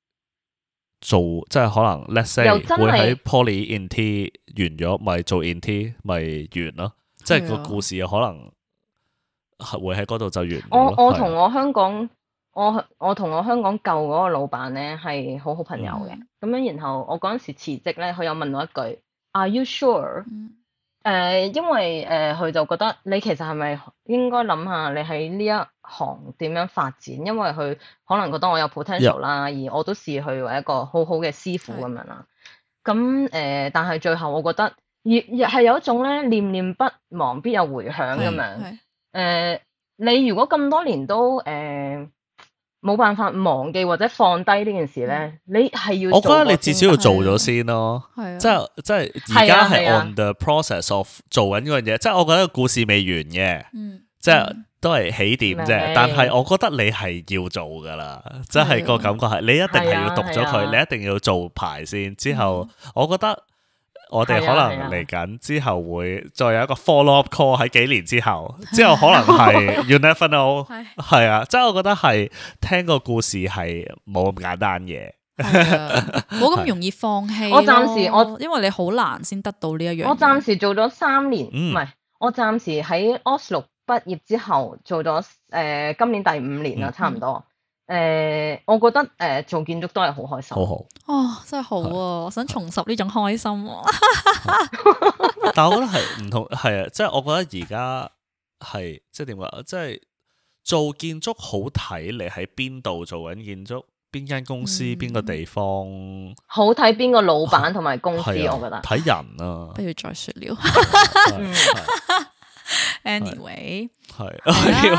做即係可能，let's say 又真係會喺 poly in t 完咗，咪做 in t 咪完咯。即係個故事可能係會喺嗰度就完。我。我我同我香港，我我同我香港舊嗰個老闆咧係好好朋友嘅。咁樣、嗯、然後我嗰陣時辭職咧，佢又問我一句：Are you sure？誒、嗯呃，因為誒佢、呃、就覺得你其實係咪應該諗下你喺呢一。行點樣發展？因為佢可能覺得我有 potential 啦，Yep. 而我都視佢為一個好好嘅師傅咁樣啦。咁誒 Yep.、呃，但係最後我覺得，而、而係有一種咧，念念不忘必有回響咁樣。誒 Yep.、呃，你如果咁多年都誒冇、呃、辦法忘記或者放低呢件事咧，你係要我覺得你至少要做咗先咯。係，即係即係而家係 on the process of 做緊呢樣嘢。即係我覺得個故事未完嘅。嗯。即係都係起點啫，但係我覺得你係要做噶啦，即係個感覺係你一定係要讀咗佢，你一定要做牌先。之後我覺得我哋可能嚟緊之後會再有一個 follow up call 喺幾年之後，之後可能係 you never know 係啊，即係我覺得係聽個故事係冇咁簡單嘅，冇咁容易放棄。我暫時我因為你好難先得到呢一樣嘢。我暫時做咗三年，唔係，我暫時喺 Oslo。畢業之後做咗誒，今年第五年啦，差唔多誒，我覺得誒，做建築都係好開心，好好，哇真係好啊！我想重拾呢種開心。但係我覺得係唔同，係啊，即係我覺得而家係即係點話，即係做建築好睇，你喺邊度做緊建築，邊間公司，邊個地方，好睇邊個老闆同埋公司，我覺得睇人啊，不如再說了。Anyway，係，因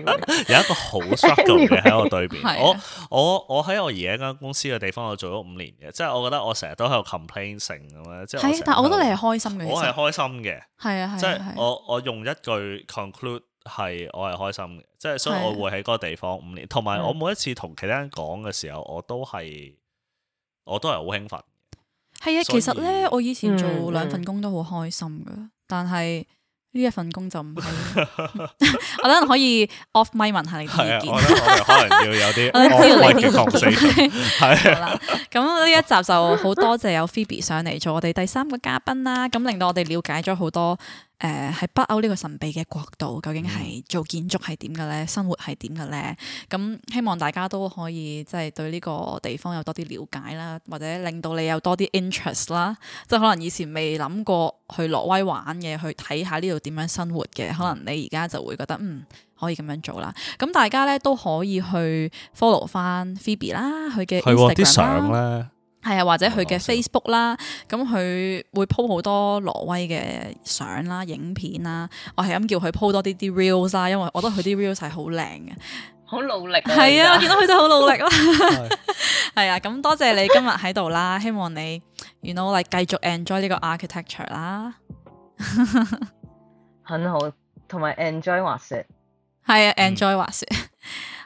為有一個好 short 嘅喺我對面，我我我喺我而家間公司嘅地方，我做咗五年嘅，即係我覺得我成日都喺度 complaining 咁樣，係，但係我覺得你係開心嘅，我係開心嘅，係啊，即係我我用一句 conclude 係我係開心嘅，即係所以我會喺嗰個地方五年，同埋我每一次同其他人講嘅時候，我都係我都係好興奮。係啊，其實咧我以前做兩份工都好開心噶。但係呢一份工就唔係。 我等可以 off mic 問下你意見。可能要有啲我哋叫狂水。好啦，咁呢一集就好多謝有 Phoebe 上嚟做我哋第三個嘉賓啦，咁令到我哋了解咗好多。誒喺、呃、北歐呢個神秘嘅國度，究竟係做建築係點嘅咧？生活係點嘅咧？咁希望大家都可以即係對呢個地方有多啲了解啦，或者令到你有多啲 interest 啦，即係可能以前未諗過去挪威玩嘅，去睇下呢度點樣生活嘅，可能你而家就會覺得嗯可以咁樣做啦。咁大家咧都可以去 follow 翻 Phoebe 啦，佢嘅 i n s 係啊，或者佢嘅 Facebook 啦，咁佢會 po 好多挪威嘅相啦、影片啦，我係咁叫佢 po 多啲啲 reels 啦，因為我覺得佢啲 reels 係好靚嘅，好努力、啊。係 啊，我見到佢真係好努力咯。係 啊，咁多謝你今日喺度啦，希望你原 o 我哋 n o 繼續 enjoy 呢個 architecture 啦，很好，同埋 enjoy 滑雪，係啊，enjoy 滑雪。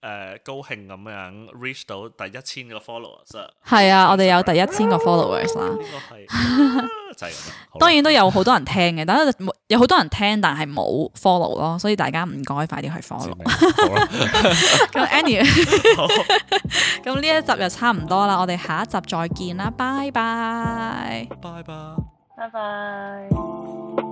誒、呃，高興咁樣 reach 到第一千個 followers，係啊，我哋有第一千個 followers 啦，就係 當然都有好多人聽嘅，但係有好多人聽，但係冇 follow 咯，所以大家唔該快啲去 follow。咁 Annie 咁呢一集就差唔多啦，我哋下一集再見啦，拜拜，拜拜，拜拜。